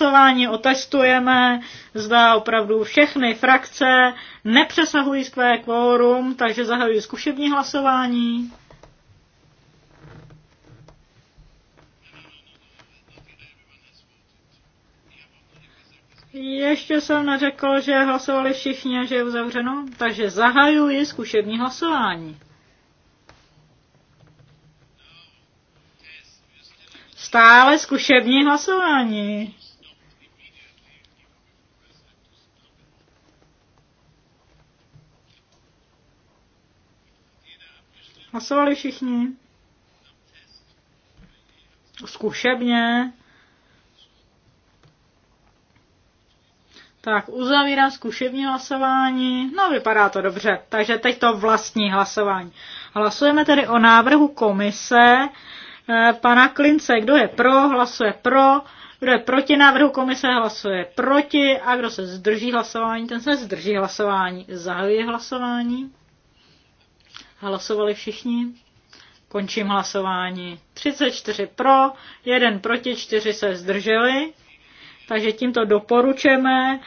hlasování otestujeme, zda opravdu všechny frakce nepřesahují své kvórum, takže zahajuji zkušební hlasování. Ještě jsem neřekl, že hlasovali všichni a že je uzavřeno, takže zahajuji zkušební hlasování. Stále zkušební hlasování. Hlasovali všichni? Zkušebně. Tak, uzavírám zkušební hlasování. No, vypadá to dobře. Takže teď to vlastní hlasování. Hlasujeme tedy o návrhu komise e, pana Klince. Kdo je pro, hlasuje pro. Kdo je proti návrhu komise, hlasuje proti. A kdo se zdrží hlasování, ten se zdrží hlasování. Zahajuje hlasování. Hlasovali všichni? Končím hlasování. 34 pro, 1 proti, 4 se zdrželi. Takže tímto doporučujeme,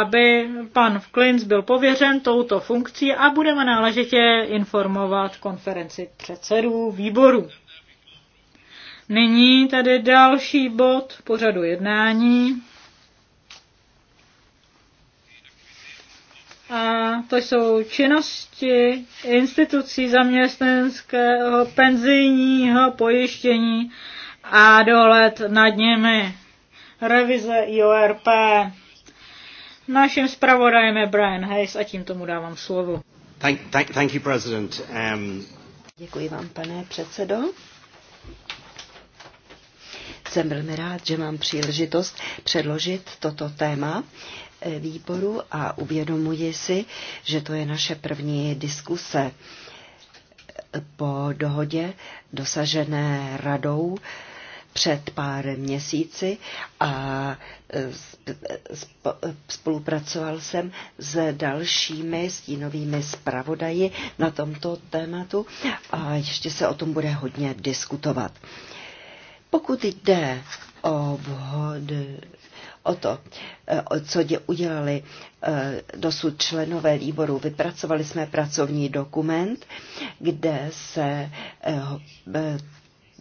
aby pan Klinc byl pověřen touto funkcí a budeme náležitě informovat konferenci předsedů výboru. Nyní tady další bod pořadu jednání. A to jsou činnosti institucí zaměstnanského penzijního pojištění a dohled nad nimi. Revize IORP. Naším zpravodajem je Brian Hayes a tím tomu dávám slovo. Thank, thank, thank you, President. Um... Děkuji vám, pane předsedo. Jsem velmi rád, že mám příležitost předložit toto téma výboru a uvědomuji si, že to je naše první diskuse po dohodě dosažené radou před pár měsíci a e, e, e, spolupracoval jsem s dalšími stínovými zpravodaji na tomto tématu a ještě se o tom bude hodně diskutovat. Pokud jde o vhod, o to, eh, co dě udělali eh, dosud členové výboru. Vypracovali jsme pracovní dokument, kde se eh,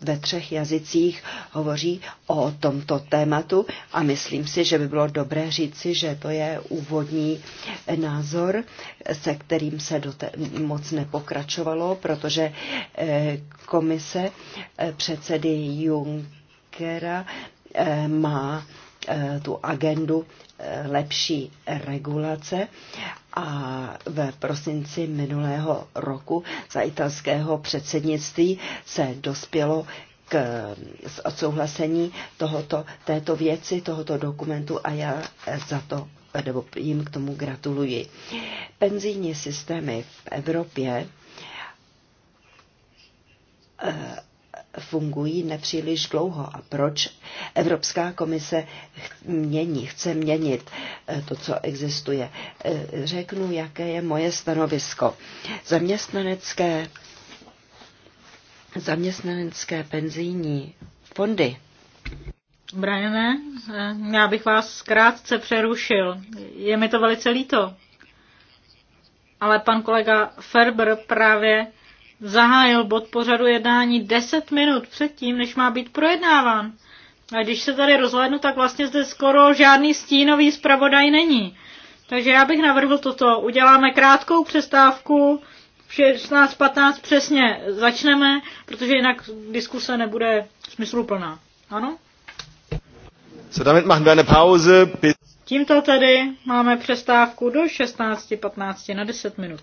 ve třech jazycích hovoří o tomto tématu a myslím si, že by bylo dobré říci, že to je úvodní názor, se kterým se moc nepokračovalo, protože komise předsedy Junckera má Eh, tu agendu eh, lepší regulace a v prosinci minulého roku za italského předsednictví se dospělo k odsouhlasení tohoto, této věci, tohoto dokumentu a já za to nebo jim k tomu gratuluji. Penzijní systémy v Evropě eh, fungují nepříliš dlouho a proč Evropská komise mění, chce měnit eh, to, co existuje. Eh, řeknu, jaké je moje stanovisko. Zaměstnanecké, zaměstnanecké penzijní fondy Brajene, eh, já bych vás krátce přerušil. Je mi to velice líto. Ale pan kolega Ferber právě zahájil bod pořadu jednání 10 minut předtím, než má být projednáván. A když se tady rozhlédnu, tak vlastně zde skoro žádný stínový zpravodaj není. Takže já bych navrhl toto. Uděláme krátkou přestávku, v 16.15 přesně začneme, protože jinak diskuse nebude smysluplná. Ano? So damit machen wir eine Pause. Bis Tímto tedy máme přestávku do 16.15 na 10 minut.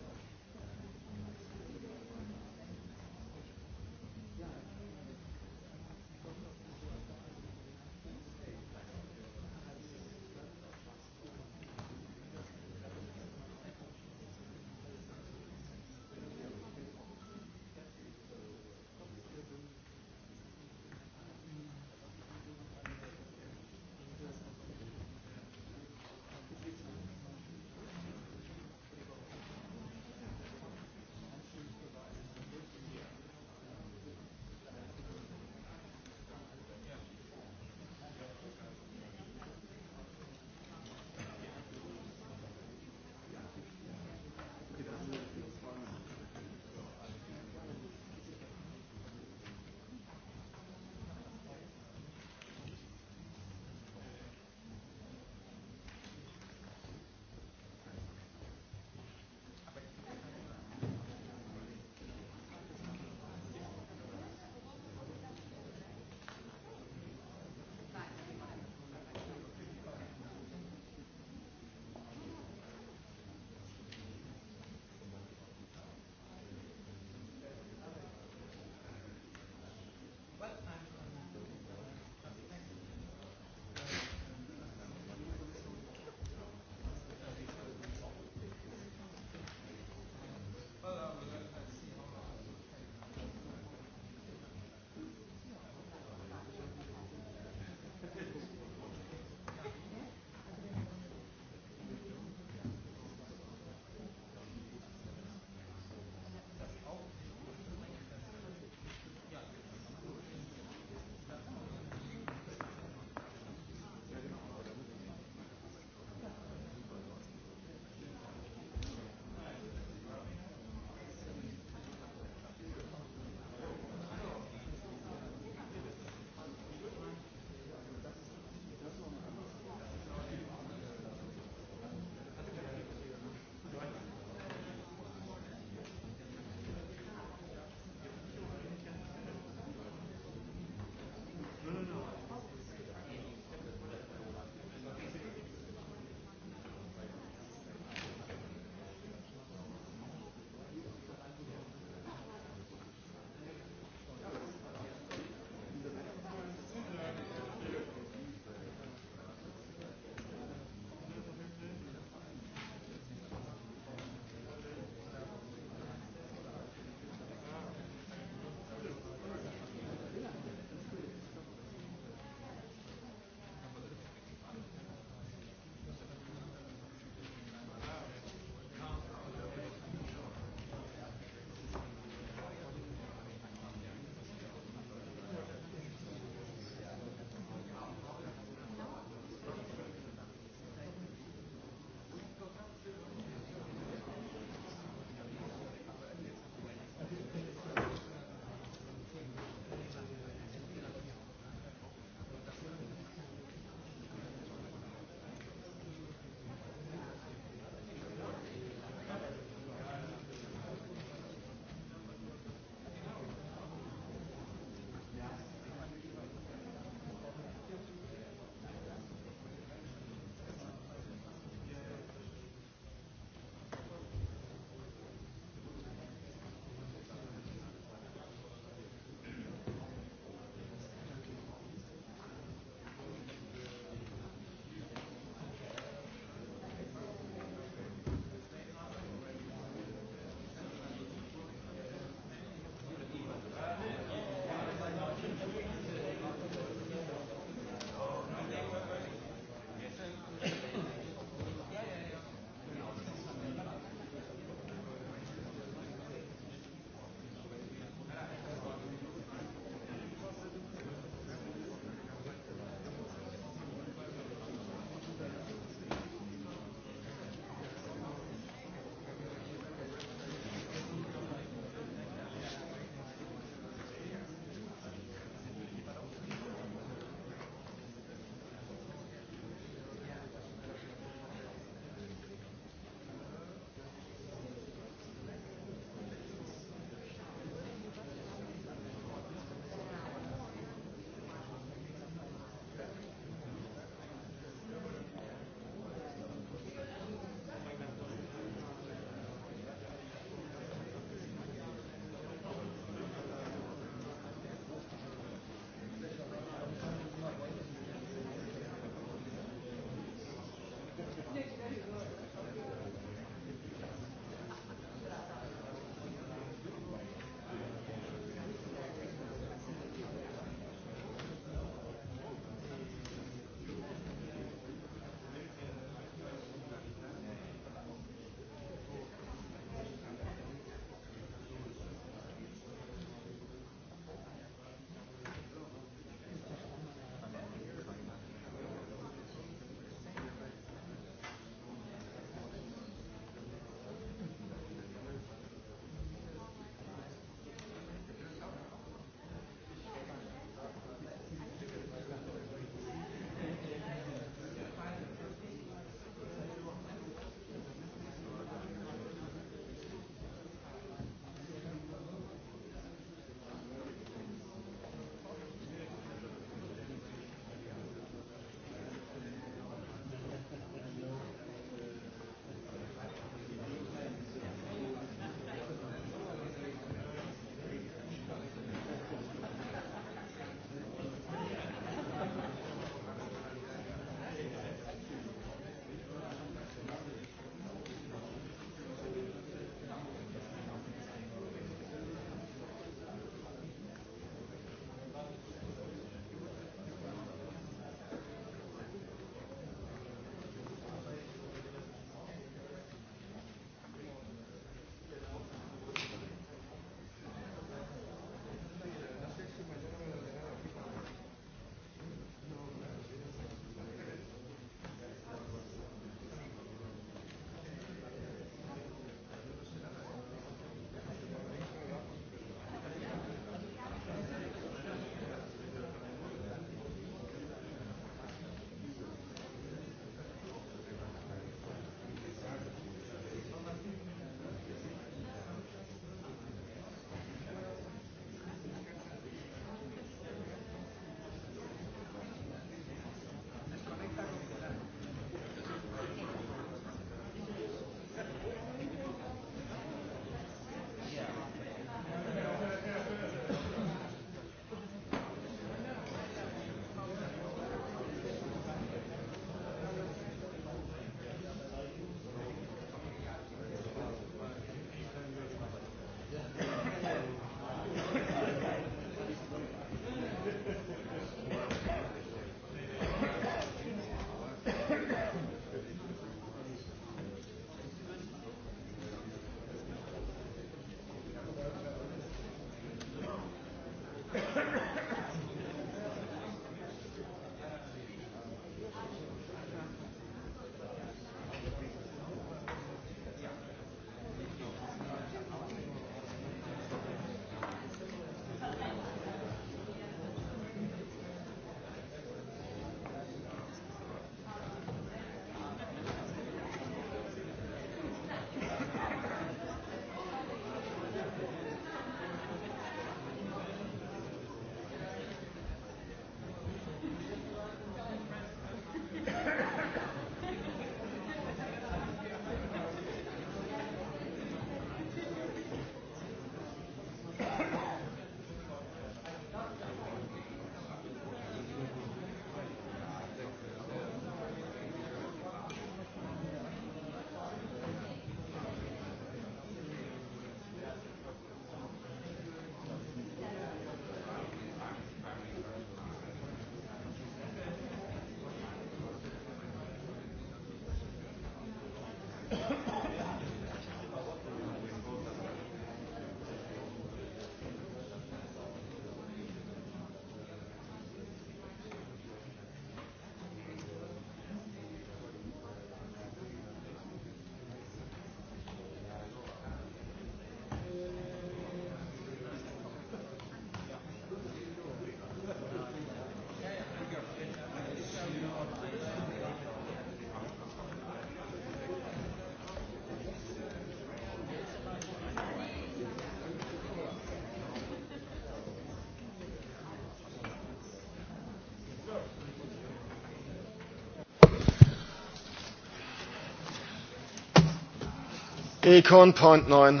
Econ Point 9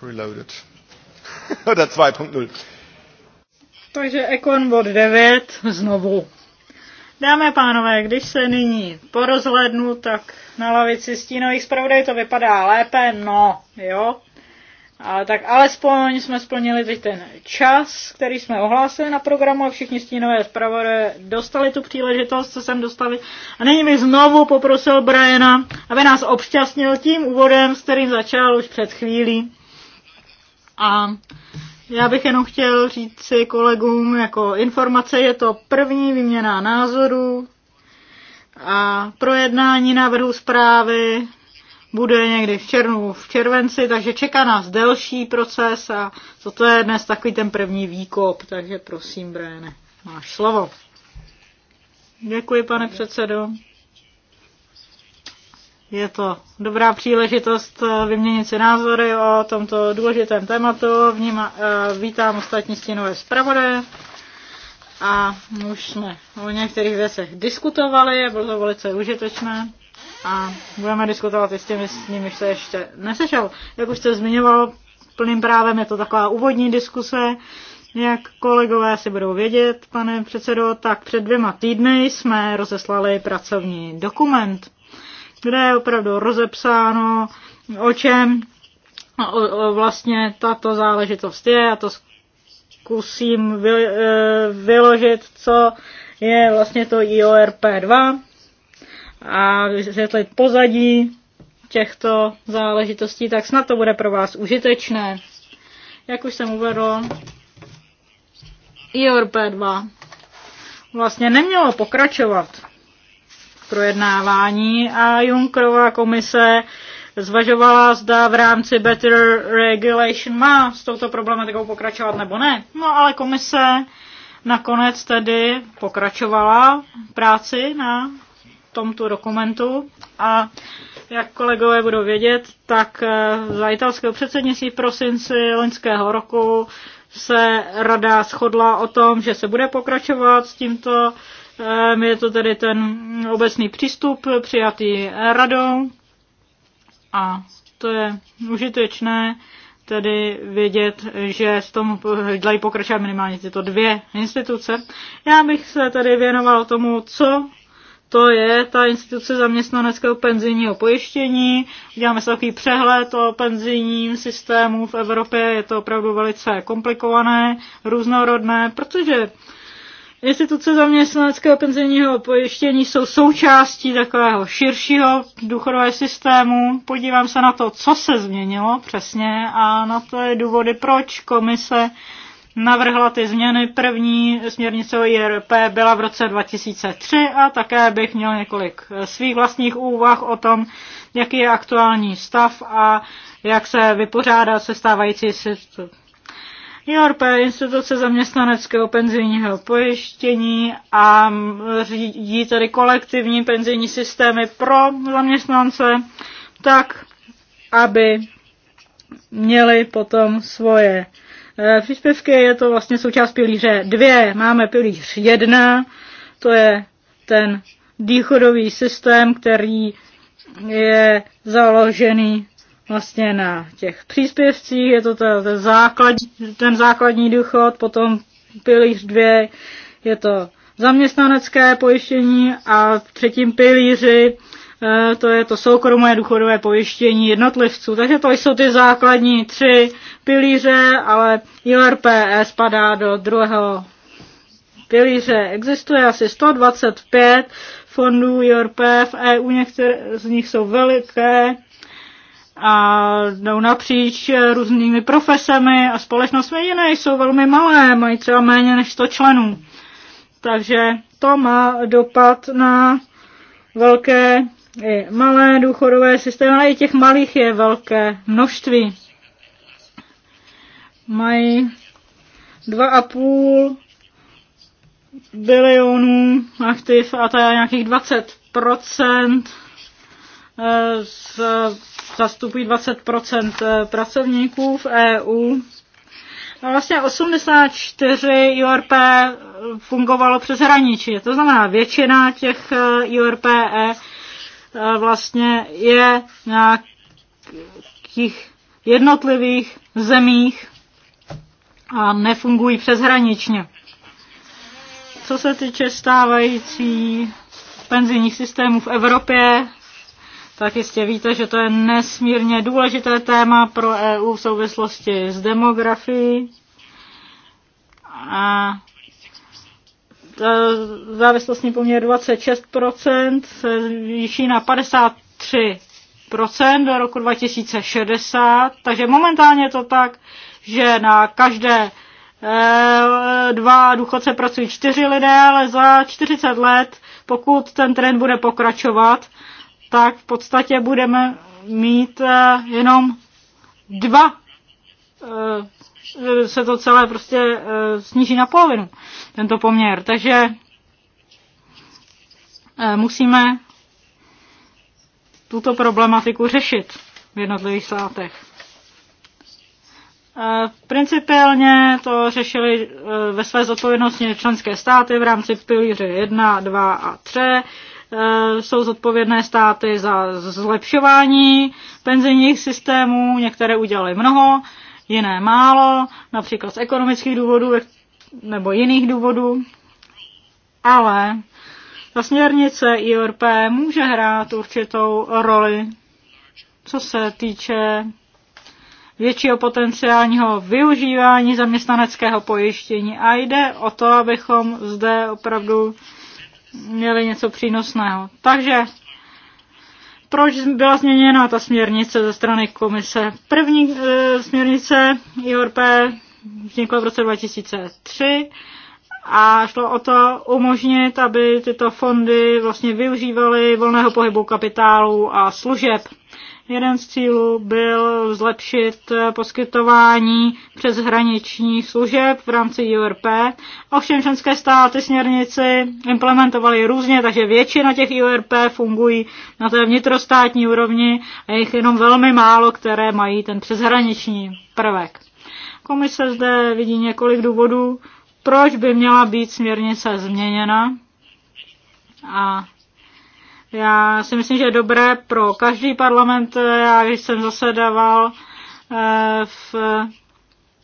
Reloaded. Oder 2.0. Takže Econ Bot 9 znovu. Dámy a pánové, když se nyní porozhlednu, tak na lavici stínových zpravodaj to vypadá lépe, no, jo. A tak alespoň jsme splnili teď ten čas, který jsme ohlásili na programu a všichni stínové zpravodaje dostali tu příležitost, co jsem dostali. A nyní mi znovu poprosil Briana, aby nás obšťastnil tím úvodem, s kterým začal už před chvílí. A já bych jenom chtěl říct si kolegům jako informace, je to první výměna názoru a projednání návrhu zprávy bude někdy v červnu, v červenci, takže čeká nás delší proces a toto je dnes takový ten první výkop, takže prosím, Bréne, máš slovo. Děkuji, pane předsedo. Je to dobrá příležitost eh, vyměnit si názory o tomto důležitém tématu. Vním, eh, vítám ostatní stínové zpravodaje a už jsme o některých věcech diskutovali, bylo to velice užitečné a budeme diskutovat i s těmi, s nimi se ještě nesešel. Jak už jste zmiňoval, plným právem je to taková úvodní diskuse, jak kolegové si budou vědět, pane předsedo, tak před dvěma týdny jsme rozeslali pracovní dokument, kde je opravdu rozepsáno, o čem o, o vlastně tato záležitost je. Já to zkusím vy, e, vyložit, co je vlastně to IORP2, a vysvětlit pozadí těchto záležitostí, tak snad to bude pro vás užitečné. Jak už jsem uvedl, IORP2 vlastně nemělo pokračovat projednávání a Junckerova komise zvažovala, zda v rámci Better Regulation má s touto problematikou pokračovat nebo ne. No ale komise nakonec tedy pokračovala práci na tomto dokumentu a jak kolegové budou vědět, tak eh, za italského předsednictví v prosinci loňského roku se rada shodla o tom, že se bude pokračovat s tímto. Eh, je to tedy ten obecný přístup přijatý radou a to je užitečné tedy vědět, že s tom dají pokračovat minimálně tyto dvě instituce. Já bych se tady věnoval tomu, co to je ta instituce zaměstnaneckého penzijního pojištění. Děláme si takový přehled o penzijním systému v Evropě. Je to opravdu velice komplikované, různorodné, protože instituce zaměstnaneckého penzijního pojištění jsou součástí takového širšího důchodového systému. Podívám se na to, co se změnilo přesně a na to je důvody, proč komise navrhla ty změny. První směrnice o IRP byla v roce 2003 a také bych měl několik eh, svých vlastních úvah o tom, jaký je aktuální stav a jak se vypořádá se stávající situací. IRP, instituce zaměstnaneckého penzijního pojištění a mm, řídí tedy kolektivní penzijní systémy pro zaměstnance, tak aby měli potom svoje Eh, příspěvky, je to vlastně součást pilíře dvě Máme pilíř jedna to je ten důchodový systém, který je založený vlastně na těch příspěvcích, je to ten, základ, ten základní důchod, potom pilíř dvě je to zaměstnanecké pojištění a v třetím pilíři Eh, to je to soukromé důchodové pojištění jednotlivců. Takže to jsou ty základní tři pilíře, ale IRPS spadá do druhého pilíře. Existuje asi 125 fondů IRP v EU, některé z nich jsou veliké a jdou napříč různými profesemi a společnostmi jiné jsou velmi malé, mají třeba méně než 100 členů. Takže to má dopad na velké i malé důchodové systémy, ale i těch malých je velké množství. Mají 2,5 bilionů aktiv a to je nějakých 20% eh, z, zastupují 20% eh, pracovníků v EU. A vlastně 84 IRP fungovalo přes hraničí. To znamená, většina těch eh, IRPE vlastně je v nějakých jednotlivých zemích a nefungují přeshraničně. Co se týče stávající penzijních systémů v Evropě, tak jistě víte, že to je nesmírně důležité téma pro EU v souvislosti s demografií. A E, závislostní poměr 26% se zvýší na 53% do roku 2060. Takže momentálně je to tak, že na každé e, dva důchodce pracují čtyři lidé, ale za 40 let, pokud ten trend bude pokračovat, tak v podstatě budeme mít e, jenom dva se to celé prostě eh, sníží na polovinu, tento poměr. Takže eh, musíme tuto problematiku řešit v jednotlivých státech. Eh, principiálně to řešili ve své zodpovědnosti členské státy v rámci pilíře 1, 2 a 3. Jsou zodpovědné státy za zlepšování penzijních systémů, některé udělali mnoho, jiné málo, například z ekonomických důvodů nebo jiných důvodů, ale ta směrnice IRP může hrát určitou roli, co se týče většího potenciálního využívání zaměstnaneckého pojištění. A jde o to, abychom zde opravdu měli něco přínosného. Takže proč byla změněna ta směrnice ze strany komise. První e, směrnice IORP vznikla v roce 2003 a šlo o to umožnit, aby tyto fondy vlastně využívaly volného pohybu kapitálu a služeb. Jeden z cílů byl zlepšit eh, poskytování přeshraničních služeb v rámci URP. Ovšem členské státy směrnici implementovaly různě, takže většina těch URP fungují na té vnitrostátní úrovni a je jich jenom velmi málo, které mají ten přeshraniční prvek. Komise zde vidí několik důvodů, proč by měla být směrnice změněna a já si myslím, že je dobré pro každý parlament. Eh, já když jsem zasedával eh, v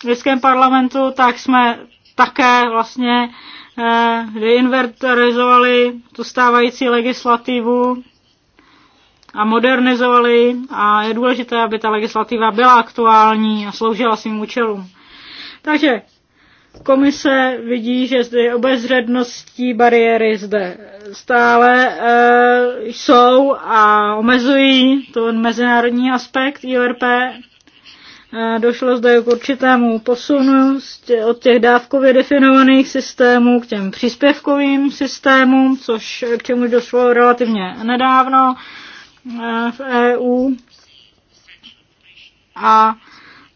Lidském eh, parlamentu, tak jsme také vlastně reinventarizovali tu stávající legislativu a modernizovali a je důležité, aby ta legislativa byla aktuální a sloužila svým účelům. Takže Komise vidí, že zde obezředností bariéry zde stále e, jsou a omezují to mezinárodní aspekt IRP. E, eh, došlo zde k určitému posunu tě, od těch dávkově definovaných systémů k těm příspěvkovým systémům, což k čemu došlo relativně nedávno eh, e, v EU. A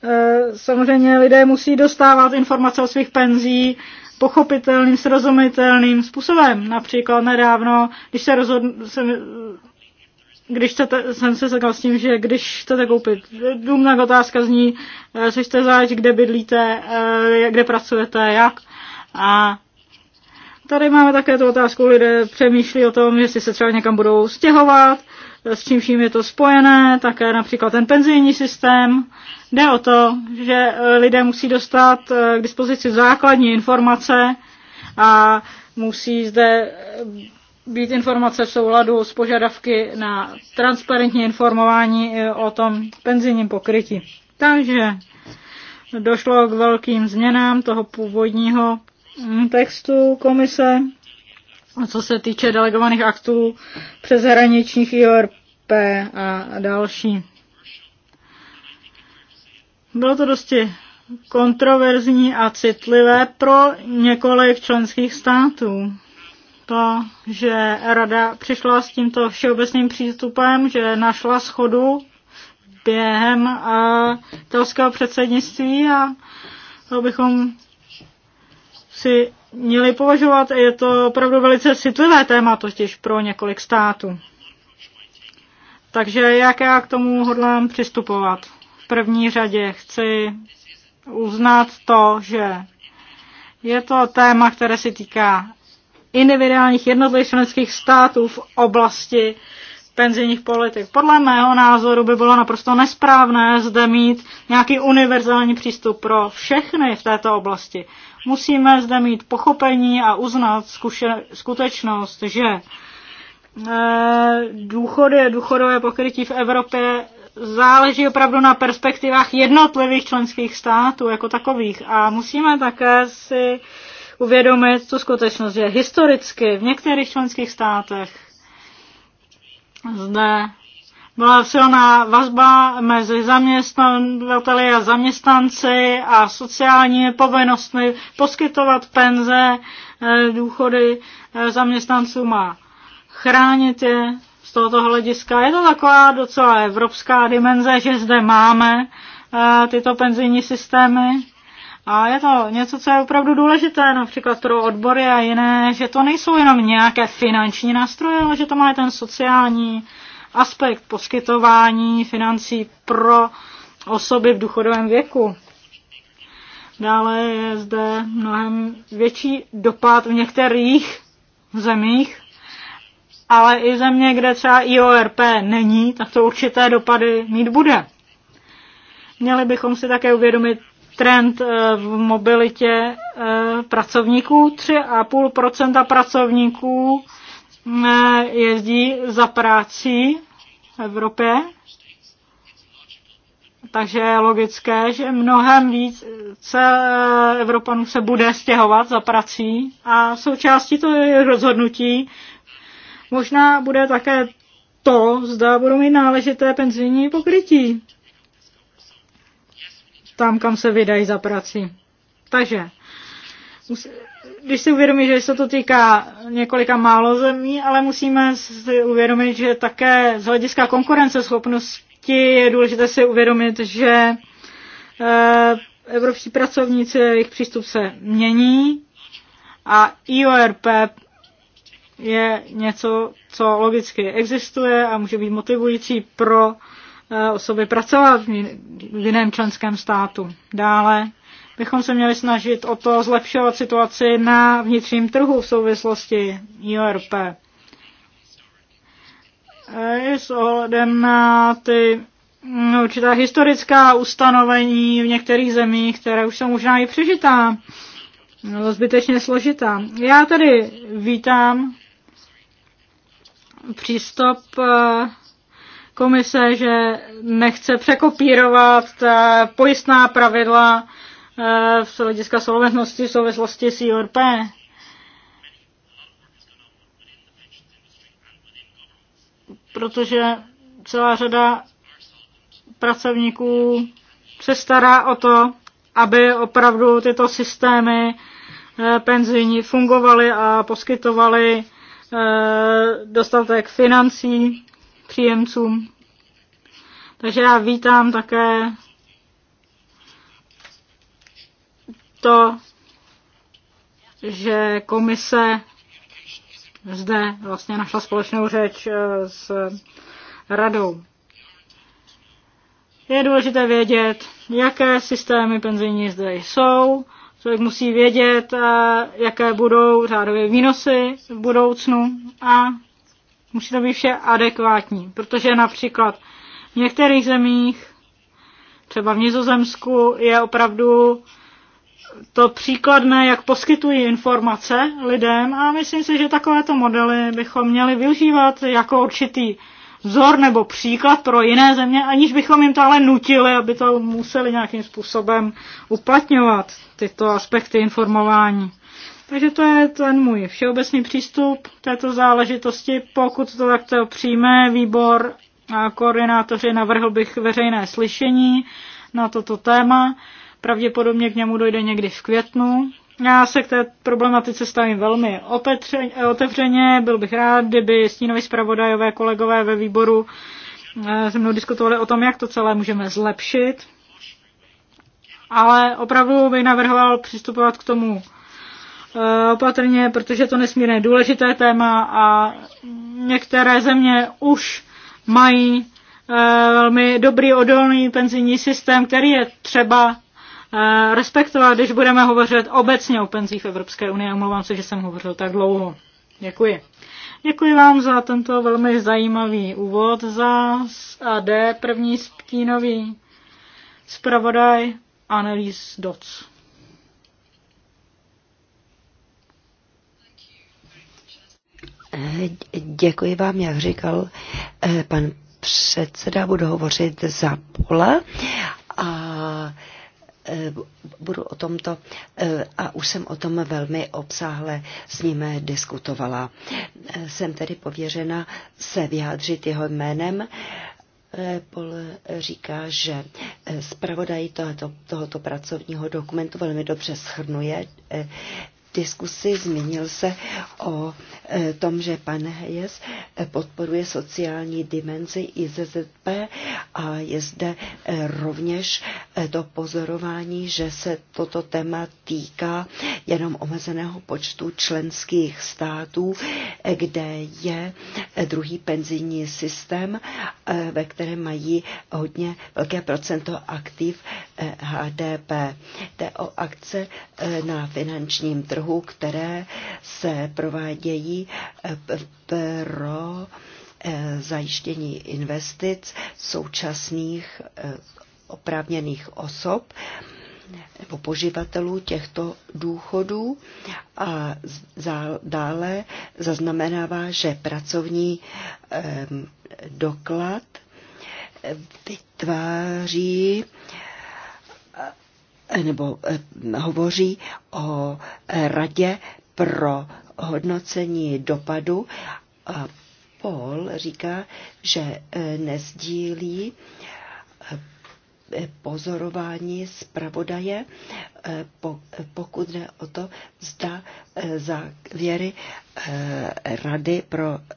Eh, samozřejmě lidé musí dostávat informace o svých penzí pochopitelným, srozumitelným způsobem. Například nedávno, když se rozhodl, jsem, když chcete, jsem se setkal s tím, že když chcete koupit dům, tak otázka zní, eh, co chcete zač, kde bydlíte, eh, kde pracujete, jak. A tady máme také tu otázku, lidé přemýšlí o tom, jestli se třeba někam budou stěhovat, s čím vším je to spojené, také například ten penzijní systém. Jde o to, že eh, lidé musí dostat eh, k dispozici základní informace a musí zde eh, být informace v souladu s požadavky na transparentní informování o tom penzijním pokrytí. Takže došlo k velkým změnám toho původního hm, textu komise co se týče delegovaných aktů hraničních IORP a další. Bylo to dosti kontroverzní a citlivé pro několik členských států. To, že Rada přišla s tímto všeobecným přístupem, že našla schodu během eh, italského předsednictví a to bychom si měli považovat. Je to opravdu velice citlivé téma totiž pro několik států. Takže jak já k tomu hodlám přistupovat? V první řadě chci uznat to, že je to téma, které se týká individuálních jednotlivých členských států v oblasti penzijních politik. Podle mého názoru by bylo naprosto nesprávné zde mít nějaký univerzální přístup pro všechny v této oblasti. Musíme zde mít pochopení a uznat zkuše, skutečnost, že e, důchody, důchodové pokrytí v Evropě záleží opravdu na perspektivách jednotlivých členských států jako takových. A musíme také si uvědomit tu skutečnost, že historicky v některých členských státech zde byla silná vazba mezi zaměstnavateli a zaměstnanci a sociálními povinnostmi poskytovat penze, eh, důchody eh, zaměstnancům a chránit je z tohoto hlediska. Je to taková docela evropská dimenze, že zde máme eh, tyto penzijní systémy. A je to něco, co je opravdu důležité, například pro odbory a jiné, že to nejsou jenom nějaké finanční nástroje, ale že to má ten sociální aspekt poskytování financí pro osoby v důchodovém věku. Dále je zde mnohem větší dopad v některých zemích, ale i země, kde třeba IORP není, tak to určité dopady mít bude. Měli bychom si také uvědomit trend eh, v mobilitě eh, pracovníků. 3,5 pracovníků eh, jezdí za prací v Evropě. Takže je logické, že mnohem víc eh, Evropanů se bude stěhovat za prací a součástí to je rozhodnutí. Možná bude také to, zda budou mít náležité penzijní pokrytí tam, kam se vydají za prací. Takže když si uvědomí, že se to týká několika málo zemí, ale musíme si uvědomit, že také z hlediska konkurenceschopnosti je důležité si uvědomit, že eh, evropští pracovníci, jejich přístup se mění a IORP je něco, co logicky existuje a může být motivující pro eh, osoby pracovat v jiném členském státu. Dále bychom se měli snažit o to zlepšovat situaci na vnitřním trhu v souvislosti IORP. I s ohledem na ty mm, určitá historická ustanovení v některých zemích, které už jsou možná i přežitá, nebo zbytečně složitá. Já tady vítám přístup eh, komise, že nechce překopírovat pojistná pravidla v eh, hlediska solventnosti v souvislosti s IRP. Protože celá řada pracovníků se stará o to, aby opravdu tyto systémy eh, penzijní fungovaly a poskytovaly eh, dostatek financí příjemcům. Takže já vítám také to, že komise zde vlastně našla společnou řeč eh, s radou. Je důležité vědět, jaké systémy penzijní zde jsou. Člověk musí vědět, eh, jaké budou řádové výnosy v budoucnu a musí to být vše adekvátní, protože například v některých zemích, třeba v Nizozemsku, je opravdu to příkladné, jak poskytují informace lidem a myslím si, že takovéto modely bychom měli využívat jako určitý vzor nebo příklad pro jiné země, aniž bychom jim to ale nutili, aby to museli nějakým způsobem uplatňovat, tyto aspekty informování. Takže to je ten můj všeobecný přístup této záležitosti. Pokud to takto přijme výbor a koordinátoři, navrhl bych veřejné slyšení na toto téma. Pravděpodobně k němu dojde někdy v květnu. Já se k té problematice stavím velmi opetře, eh, otevřeně. Byl bych rád, kdyby stínovi zpravodajové kolegové ve výboru eh, se mnou diskutovali o tom, jak to celé můžeme zlepšit. Ale opravdu bych navrhoval přistupovat k tomu eh, opatrně, protože to nesmírně důležité téma a některé země už mají velmi dobrý odolný penzijní systém, který je třeba Eh, respektovat, když budeme hovořit obecně o penzích v Evropské unii. Omlouvám se, že jsem hovořil tak dlouho. Děkuji. Děkuji vám za tento velmi zajímavý úvod za AD první stínový zpravodaj Annelies Doc. Eh, děkuji vám, jak říkal eh, pan předseda, budu hovořit za pole. A Eh, budu o tomto eh, a už jsem o tom velmi obsáhle s ním diskutovala. Eh, jsem tedy pověřena se vyjádřit jeho jménem. Pol říká, že zpravodaj tohoto, tohoto pracovního dokumentu velmi dobře schrnuje diskusi zmínil se o e, tom, že pan Hayes e, podporuje sociální dimenzi IZZP a je zde e, rovněž to pozorování, že se toto téma týká jenom omezeného počtu členských států, kde je druhý penzijní systém, ve kterém mají hodně velké procento aktiv HDP. Jde o akce na finančním trhu trhu, které se provádějí eh, pro eh, zajištění investic současných eh, oprávněných osob nebo poživatelů těchto důchodů a dále zaznamenává, že pracovní doklad vytváří Eh, nebo eh, hovoří o eh, radě pro hodnocení dopadu a Paul říká, že nezdílí pozorování zpravodaje, pokud jde o to, zda eh, za věry eh, Rady pro eh,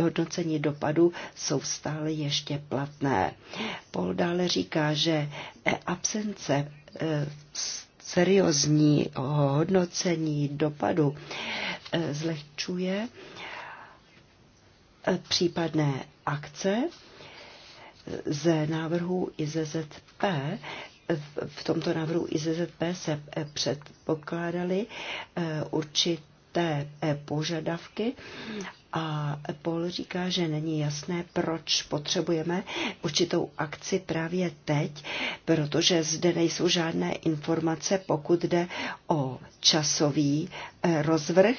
hodnocení dopadu jsou stále ještě platné. Pol dále říká, že absence seriózního hodnocení dopadu zlehčuje případné akce ze návrhu IZZP v tomto návrhu IZZP se eh, předpokládaly eh, určité eh, požadavky a Paul říká, že není jasné, proč potřebujeme určitou akci právě teď, protože zde nejsou žádné informace, pokud jde o časový rozvrh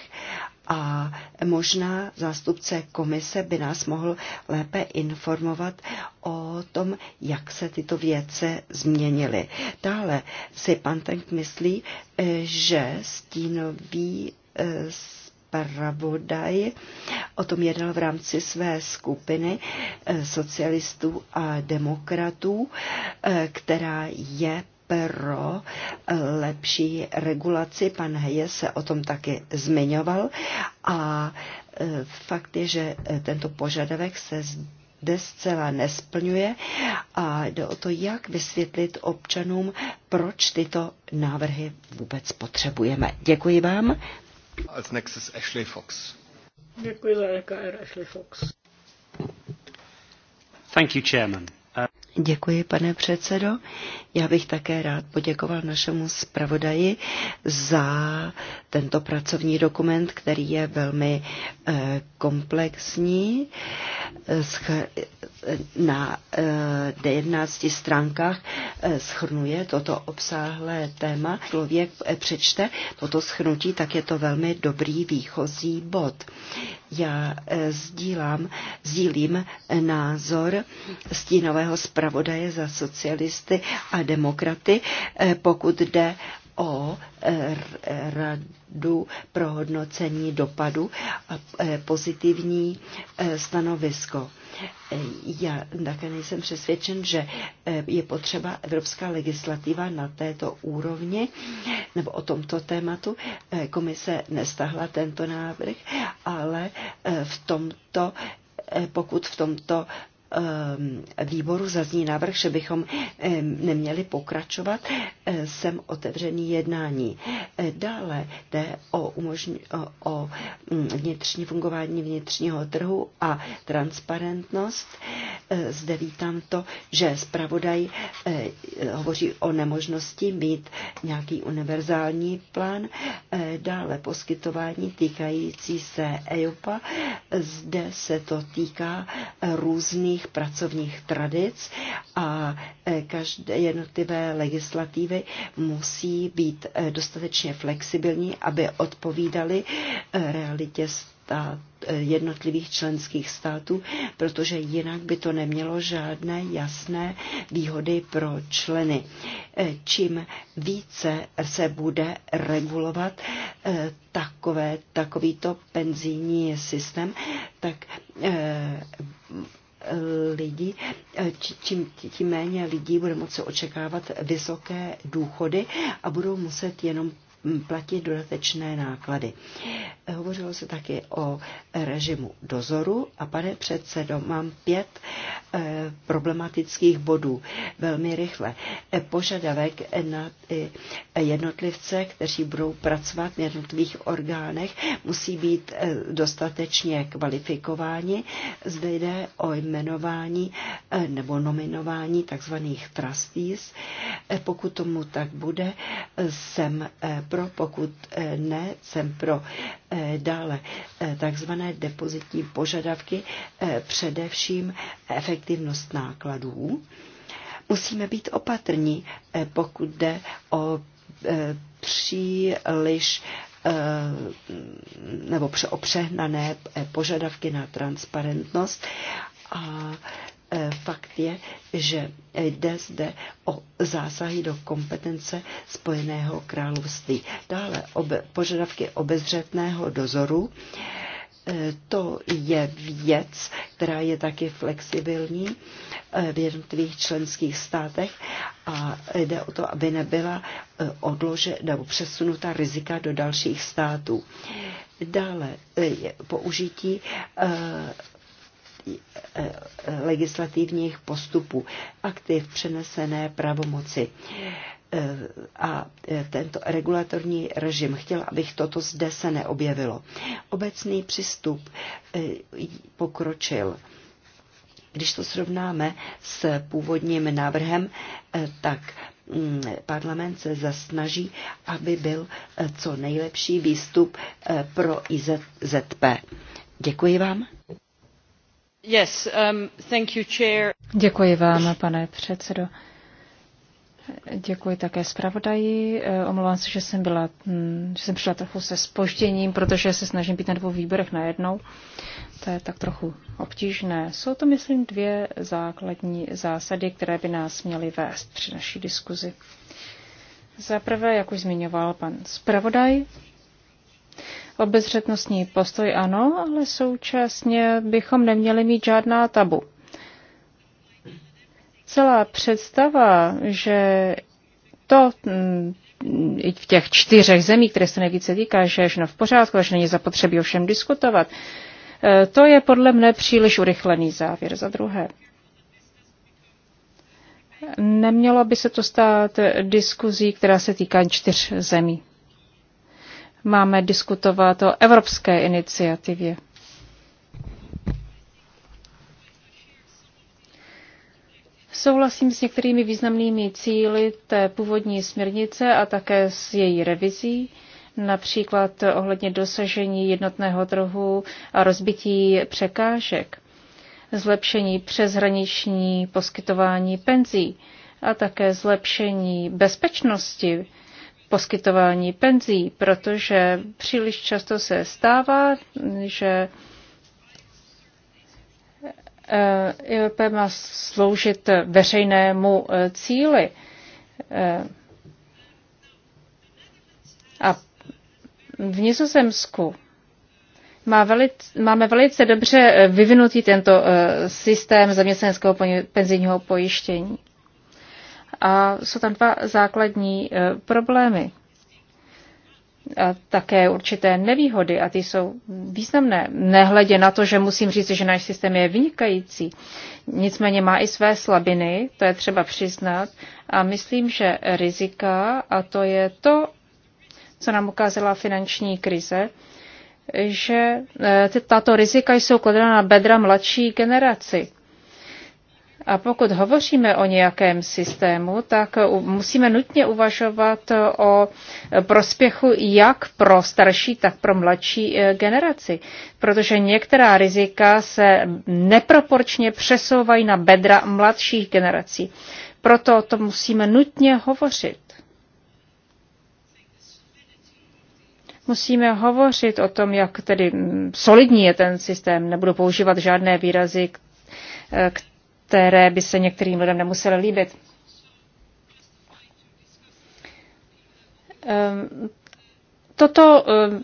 a možná zástupce komise by nás mohl lépe informovat o tom, jak se tyto věce změnily. Dále si pan Tank myslí, eh, že stínový eh, zpravodaj o tom jednal v rámci své skupiny eh, socialistů a demokratů, která je pro eh, lepší regulaci. Pan Heje se o tom taky zmiňoval a eh, fakt je, že eh, tento požadavek se zde zcela nesplňuje a jde o to, jak vysvětlit občanům, proč tyto návrhy vůbec potřebujeme. Děkuji vám. Als nächstes Ashley Fox. Děkuji za Ashley Fox. Thank you, Chairman. Děkuji, pane předsedo. Já bych také rád poděkoval našemu zpravodaji za tento pracovní dokument, který je velmi eh, komplexní. Eh, eh, na 11 stránkách schrnuje toto obsáhlé téma. Člověk přečte toto schrnutí, tak je to velmi dobrý výchozí bod. Já sdílám, sdílím názor stínového zpravodaje zpravodaje za socialisty a demokraty, eh, pokud jde o eh, radu pro hodnocení dopadu a eh, pozitivní stanovisko. Já také nejsem přesvědčen, že je potřeba evropská legislativa na této úrovni nebo o tomto tématu. Komise nestahla tento návrh, ale v tomto pokud v tomto Eh, výboru zazní návrh, že bychom eh, neměli pokračovat, jsem eh, otevřený jednání. Dále jde o, umožň, o, o mm, vnitřní fungování vnitřního trhu a transparentnost. Zde vítám to, že zpravodaj hovoří o nemožnosti mít nějaký univerzální plán. Dále poskytování týkající se EUPA. Zde se to týká různých různých pracovních tradic a e, každé jednotlivé legislativy musí být e, dostatečně flexibilní, aby odpovídaly e, realitě stát, jednotlivých členských států, protože jinak by to nemělo žádné jasné výhody pro členy. Čím více se bude regulovat takové, takovýto penzijní systém, tak lidí, čím tím méně lidí bude moci očekávat vysoké důchody a budou muset jenom platit dodatečné náklady. Hovořilo se taky o režimu dozoru a pane předsedo, mám pět e, problematických bodů. Velmi rychle. E, požadavek na e, jednotlivce, kteří budou pracovat v jednotlivých orgánech, musí být dostatečně kvalifikováni. Zde jde o jmenování nebo nominování tzv. trustees. Pokud tomu tak bude, jsem pro, pokud eh, ne, jsem pro. Eh, dále eh, takzvané depozitní požadavky, především efektivnost nákladů. Musíme být opatrní, pokud jde o příliš nebo přehnané požadavky na transparentnost a E, fakt je, že jde zde o zásahy do kompetence Spojeného království. Dále obe, požadavky obezřetného dozoru. E, to je věc, která je taky flexibilní e, v jednotlivých členských státech a jde o to, aby nebyla odlože nebo přesunuta rizika do dalších států. Dále je použití legislativních postupů, aktiv přenesené pravomoci a tento regulatorní režim. chtěl, abych toto zde se neobjevilo. Obecný přístup eh, pokročil. Když to srovnáme s původním návrhem, eh, tak mm, parlament se zasnaží, aby byl eh, co nejlepší výstup pro IZP. Děkuji vám. Um, Děkuji vám, pane předsedo. Děkuji také zpravodaji. Eh, omlouvám se, že jsem, byla, hm, že jsem přišla trochu se spožděním, protože se snažím být na dvou výborech najednou. To je tak trochu obtížné. Jsou to, myslím, dvě základní zásady, které by nás měly vést při naší diskuzi. Za prvé, jak už zmiňoval pan zpravodaj, Obezřetnostní postoj ano, ale současně bychom neměli mít žádná tabu. Celá představa, že to mm, v těch čtyřech zemích, které se nejvíce týká, že je v pořádku, že není zapotřebí o všem diskutovat, eh, to je podle mne příliš urychlený závěr. Za druhé, nemělo by se to stát diskuzí, která se týká čtyř zemí máme diskutovat o evropské iniciativě. Souhlasím s některými významnými cíly té původní směrnice a také s její revizí, například ohledně dosažení jednotného trhu a rozbití překážek, zlepšení přeshraniční poskytování penzí a také zlepšení bezpečnosti poskytování penzí, protože příliš často se stává, že eh, IVP má sloužit veřejnému eh, cíli. Eh, a v Nizozemsku má velice, máme velice dobře vyvinutý tento systém zaměstnaneckého penzijního pojištění a jsou tam dva základní e, problémy. A také určité nevýhody a ty jsou významné. Nehledě na to, že musím říct, že náš systém je vynikající. Nicméně má i své slabiny, to je třeba přiznat. A myslím, že rizika, a to je to, co nám ukázala finanční krize, že e, tato rizika jsou kladena na bedra mladší generaci a pokud hovoříme o nějakém systému, tak musíme nutně uvažovat o prospěchu jak pro starší, tak pro mladší e, generaci, protože některá rizika se neproporčně přesouvají na bedra mladších generací. Proto o tom musíme nutně hovořit. musíme hovořit o tom, jak tedy mm, solidní je ten systém. Nebudu používat žádné výrazy, e, které by se některým lidem nemusely líbit. Ehm, toto ehm,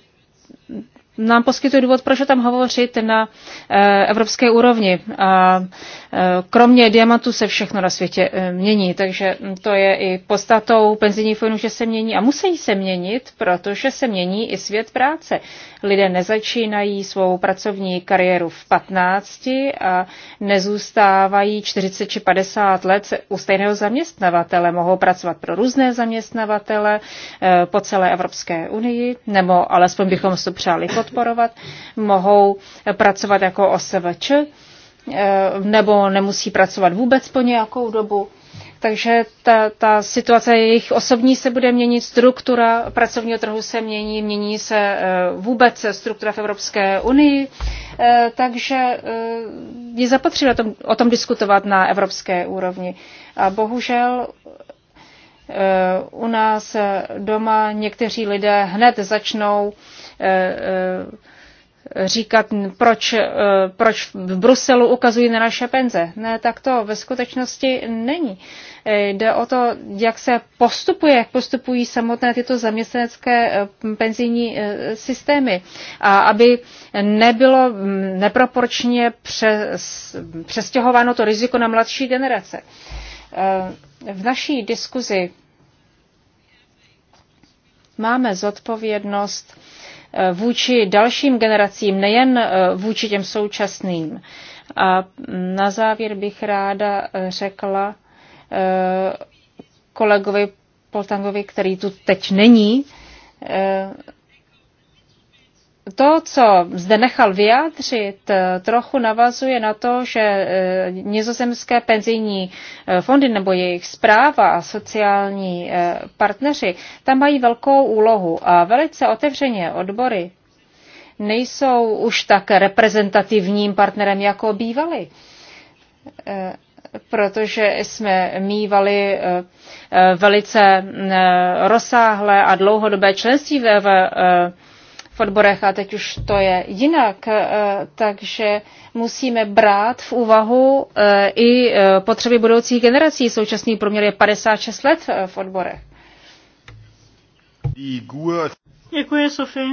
nám poskytuje důvod, proč tam hovořit na eh, evropské úrovni. A eh, kromě diamantů se všechno na světě eh, mění, takže to je i podstatou penzijních fondů, že se mění a musí se měnit, protože se mění i svět práce. Lidé nezačínají svou pracovní kariéru v 15 a nezůstávají 40 či 50 let u stejného zaměstnavatele. Mohou pracovat pro různé zaměstnavatele eh, po celé Evropské unii, nebo alespoň bychom se přáli podporovat. Mohou pracovat jako OSVČ, eh, nebo nemusí pracovat vůbec po nějakou dobu. Takže ta, ta situace jejich osobní se bude měnit, struktura pracovního trhu se mění, mění se eh, vůbec struktura v Evropské unii, eh, takže eh, je zapotřebí o tom, o tom diskutovat na evropské úrovni. A bohužel u nás doma někteří lidé hned začnou říkat, proč, eh, proč v Bruselu ukazují na naše penze. Ne, tak to ve skutečnosti není. Eh, jde o to, jak se postupuje, jak postupují samotné tyto zaměstnanecké eh, penzijní systémy. A aby nebylo mm, neproporčně přes, přestěhováno to riziko na mladší generace. V naší diskuzi máme zodpovědnost Eh, vůči dalším generacím, nejen eh, vůči těm současným. A na závěr bych ráda eh, řekla kolegovi Poltangovi, který tu teď není, to, co zde nechal vyjádřit, eh, trochu navazuje na to, že eh, nizozemské penzijní eh, fondy nebo jejich zpráva a sociální partneři tam mají velkou úlohu a velice otevřeně odbory nejsou už tak reprezentativním partnerem, jako bývali protože jsme mývali velice rozsáhlé a dlouhodobé členství v v odborech a teď už to je jinak, eh, takže musíme brát v úvahu eh, i eh, potřeby budoucích generací. Současný průměr je 56 let v odborech. Děkuji, Sofie.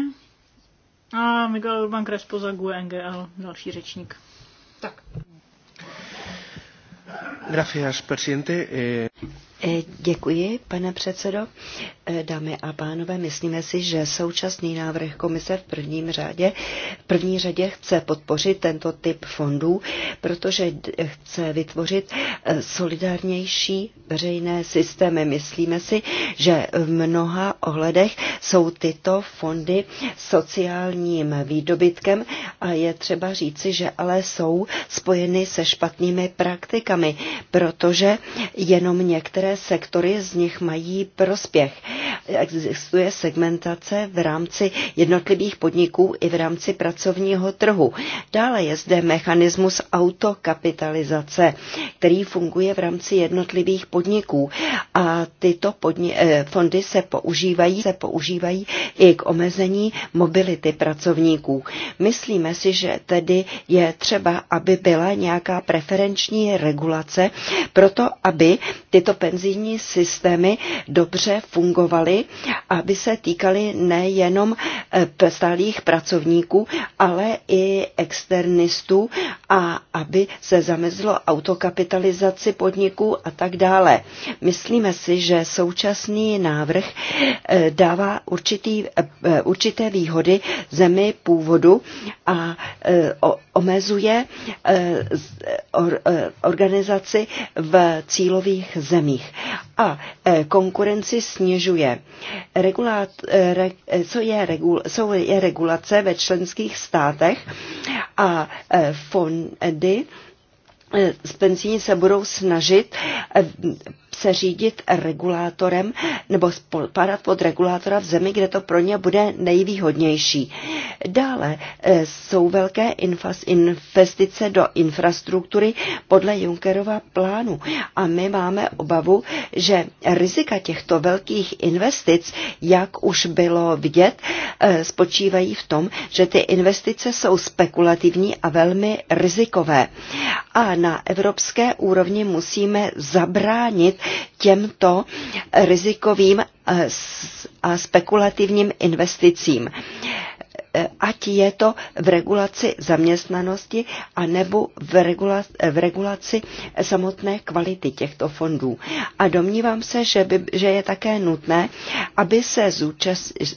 A Miguel Urban Crespo za GUE NGL, další řečník. Tak. Gracias, presidente. Děkuji, pane předsedo. Eh, dámy a pánové, myslíme si, že současný návrh komise v prvním řadě, v první řadě chce podpořit tento typ fondů, protože chce vytvořit eh, solidárnější veřejné systémy. Myslíme si, že v mnoha ohledech jsou tyto fondy sociálním výdobytkem a je třeba říci, že ale jsou spojeny se špatnými praktikami, protože jenom některé sektory z nich mají prospěch Existuje segmentace v rámci jednotlivých podniků i v rámci pracovního trhu. Dále je zde mechanismus autokapitalizace, který funguje v rámci jednotlivých podniků a tyto podni- eh, fondy se používají, se používají i k omezení mobility pracovníků. Myslíme si, že tedy je třeba, aby byla nějaká preferenční regulace proto, aby tyto penzijní systémy dobře fungovaly aplikovaly, aby se týkaly nejenom eh, stálých pracovníků, ale i externistů a aby se zamezlo autokapitalizaci podniků a tak dále. Myslíme si, že současný návrh eh, dává určitý, eh, určité výhody zemi původu a omezuje organizaci v cílových zemích. A konkurenci snižuje omezuje. Regulát, eh, re, eh, co je, regul, jsou, je regulace ve členských státech a eh, fondy z se budou snažit se řídit regulátorem nebo spadat pod regulátora v zemi, kde to pro ně bude nejvýhodnější. Dále e, jsou velké investice do infrastruktury podle Junckerova plánu a my máme obavu, že rizika těchto velkých investic, jak už bylo vidět, e, spočívají v tom, že ty investice jsou spekulativní a velmi rizikové. A na evropské úrovni musíme zabránit těmto rizikovým eh, a spekulativním investicím ať je to v regulaci zaměstnanosti a nebo v regulaci, v regulaci samotné kvality těchto fondů. A domnívám se, že, by, že je také nutné, aby se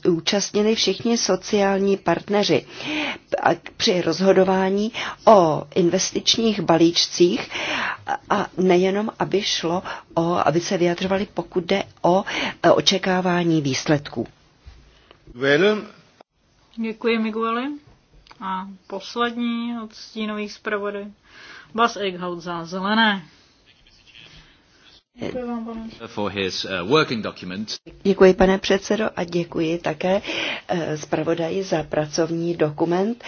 zúčastnili všichni sociální partneři při rozhodování o investičních balíčcích a nejenom, aby šlo o, aby se vyjadřovali, pokud jde o očekávání výsledků. Well, Děkuji, Migueli. A poslední od stínových zpravodaj. Bas Eichhout za zelené. Děkuji, uh, pane předsedo, a děkuji také uh, zpravodaji za pracovní dokument.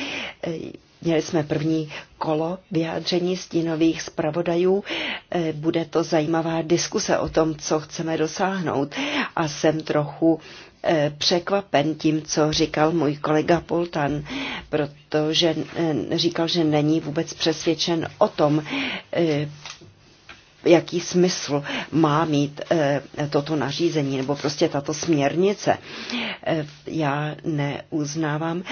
Uh, měli jsme první kolo vyjádření stínových zpravodajů. Bude to zajímavá diskuse o tom, co chceme dosáhnout. A jsem trochu Eh, překvapen tím, co říkal můj kolega Poltan, protože eh, říkal, že není vůbec přesvědčen o tom, eh, jaký smysl má mít toto nařízení nebo prostě tato směrnice. Já neuznávám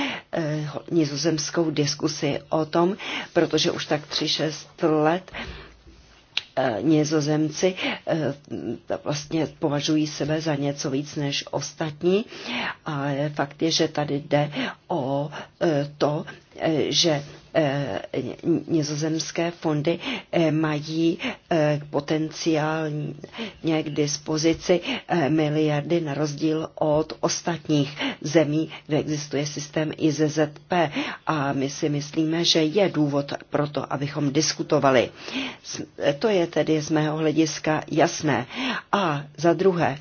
nizozemskou diskusi o tom, protože už tak 3-6 let E, nizozemci e, vlastně považují sebe za něco víc než ostatní, ale fakt je, že tady jde o e, to, že Eh, nizozemské fondy eh, mají eh, potenciálně k dispozici miliardy na rozdíl od ostatních zemí, kde existuje systém IZZP. A my si myslíme, že je důvod pro to, abychom diskutovali. To je tedy z mého hlediska jasné. A za druhé,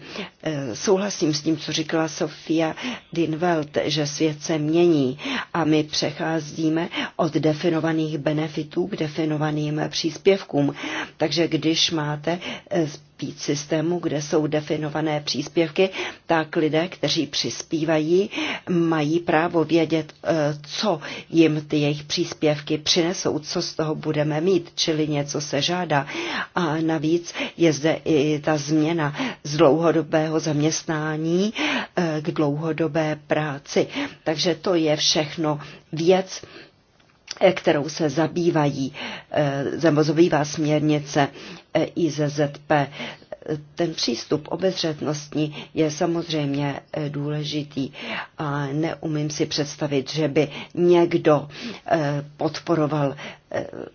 souhlasím s tím, co říkala Sofia Dinveld, že svět se mění a my přecházíme od definovaných benefitů k definovaným příspěvkům. Takže když máte eh, víc systému, kde jsou definované příspěvky, tak lidé, kteří přispívají, mají právo vědět, eh, co jim ty jejich příspěvky přinesou, co z toho budeme mít, čili něco se žádá. A navíc je zde i ta změna z dlouhodobého zaměstnání eh, k dlouhodobé práci. Takže to je všechno věc, Eh, kterou se zabývají, eh, zabývá směrnice eh, IZZP. Ten přístup obezřetnostní je samozřejmě důležitý a neumím si představit, že by někdo podporoval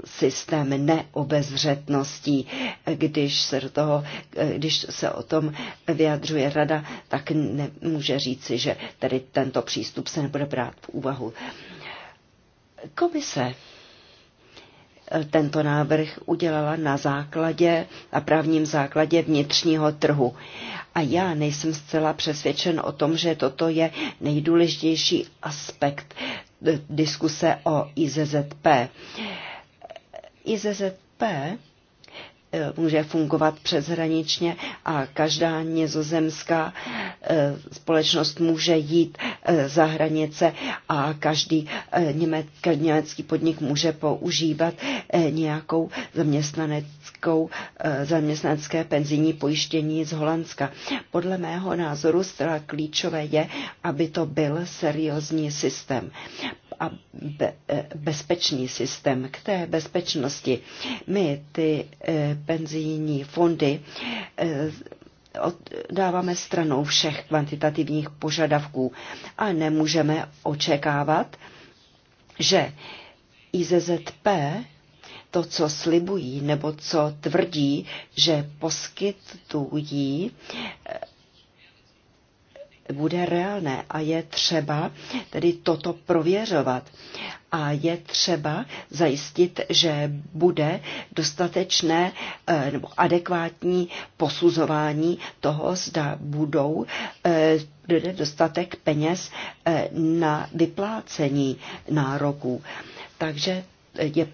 systém neobezřetností, když se, do toho, když se o tom vyjadřuje rada, tak nemůže říci, že tedy tento přístup se nebude brát v úvahu. Komise eh, tento návrh udělala na základě a právním základě vnitřního trhu. A já nejsem zcela přesvědčen o tom, že toto je nejdůležitější aspekt eh, diskuse o IZZP. IZZP Eh, může fungovat přeshraničně a každá nizozemská eh, společnost může jít eh, za hranice a každý německý podnik může používat nějakou zaměstnaneckou, zaměstnanecké penzijní pojištění z Holandska. Podle mého názoru zcela klíčové je, aby to byl seriózní systém a be, e, bezpečný systém. K té bezpečnosti my ty e, penzijní fondy e, dáváme stranou všech kvantitativních požadavků a nemůžeme očekávat, že IZZP to, co slibují nebo co tvrdí, že poskytují, bude reálné a je třeba tedy toto prověřovat a je třeba zajistit, že bude dostatečné eh, nebo adekvátní posuzování toho, zda budou eh, bude dostatek peněz eh, na vyplácení nároků. Takže je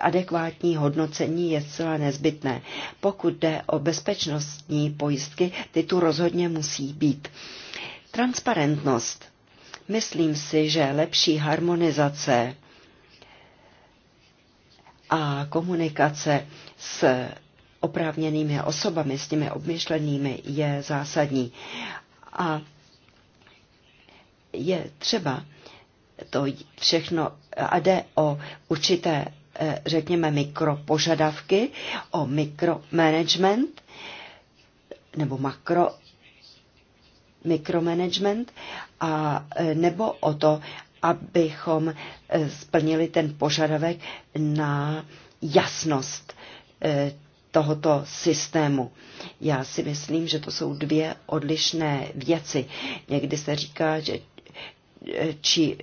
adekvátní hodnocení je zcela nezbytné. Pokud jde o bezpečnostní pojistky, ty tu rozhodně musí být. Transparentnost. Myslím si, že lepší harmonizace a komunikace s oprávněnými osobami, s těmi obmyšlenými, je zásadní. A je třeba to všechno a jde o určité Eh, řekněme, mikropožadavky, o mikromanagement nebo makro mikromanagement a eh, nebo o to, abychom eh, splnili ten požadavek na jasnost tohoto systému. Já si myslím, že to jsou dvě odlišné věci. Někdy se říká, že či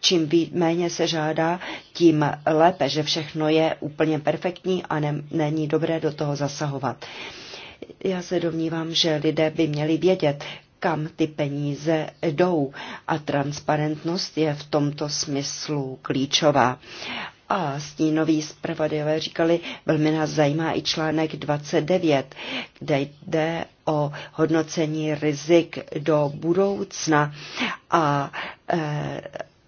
čím méně se žádá, tím lépe, že všechno je úplně perfektní a ne, není dobré do toho zasahovat. Já se domnívám, že lidé by měli vědět, kam ty peníze jdou a transparentnost je v tomto smyslu klíčová. A stínoví zpravodajové říkali, velmi nás zajímá i článek 29, kde jde o hodnocení rizik do budoucna a e,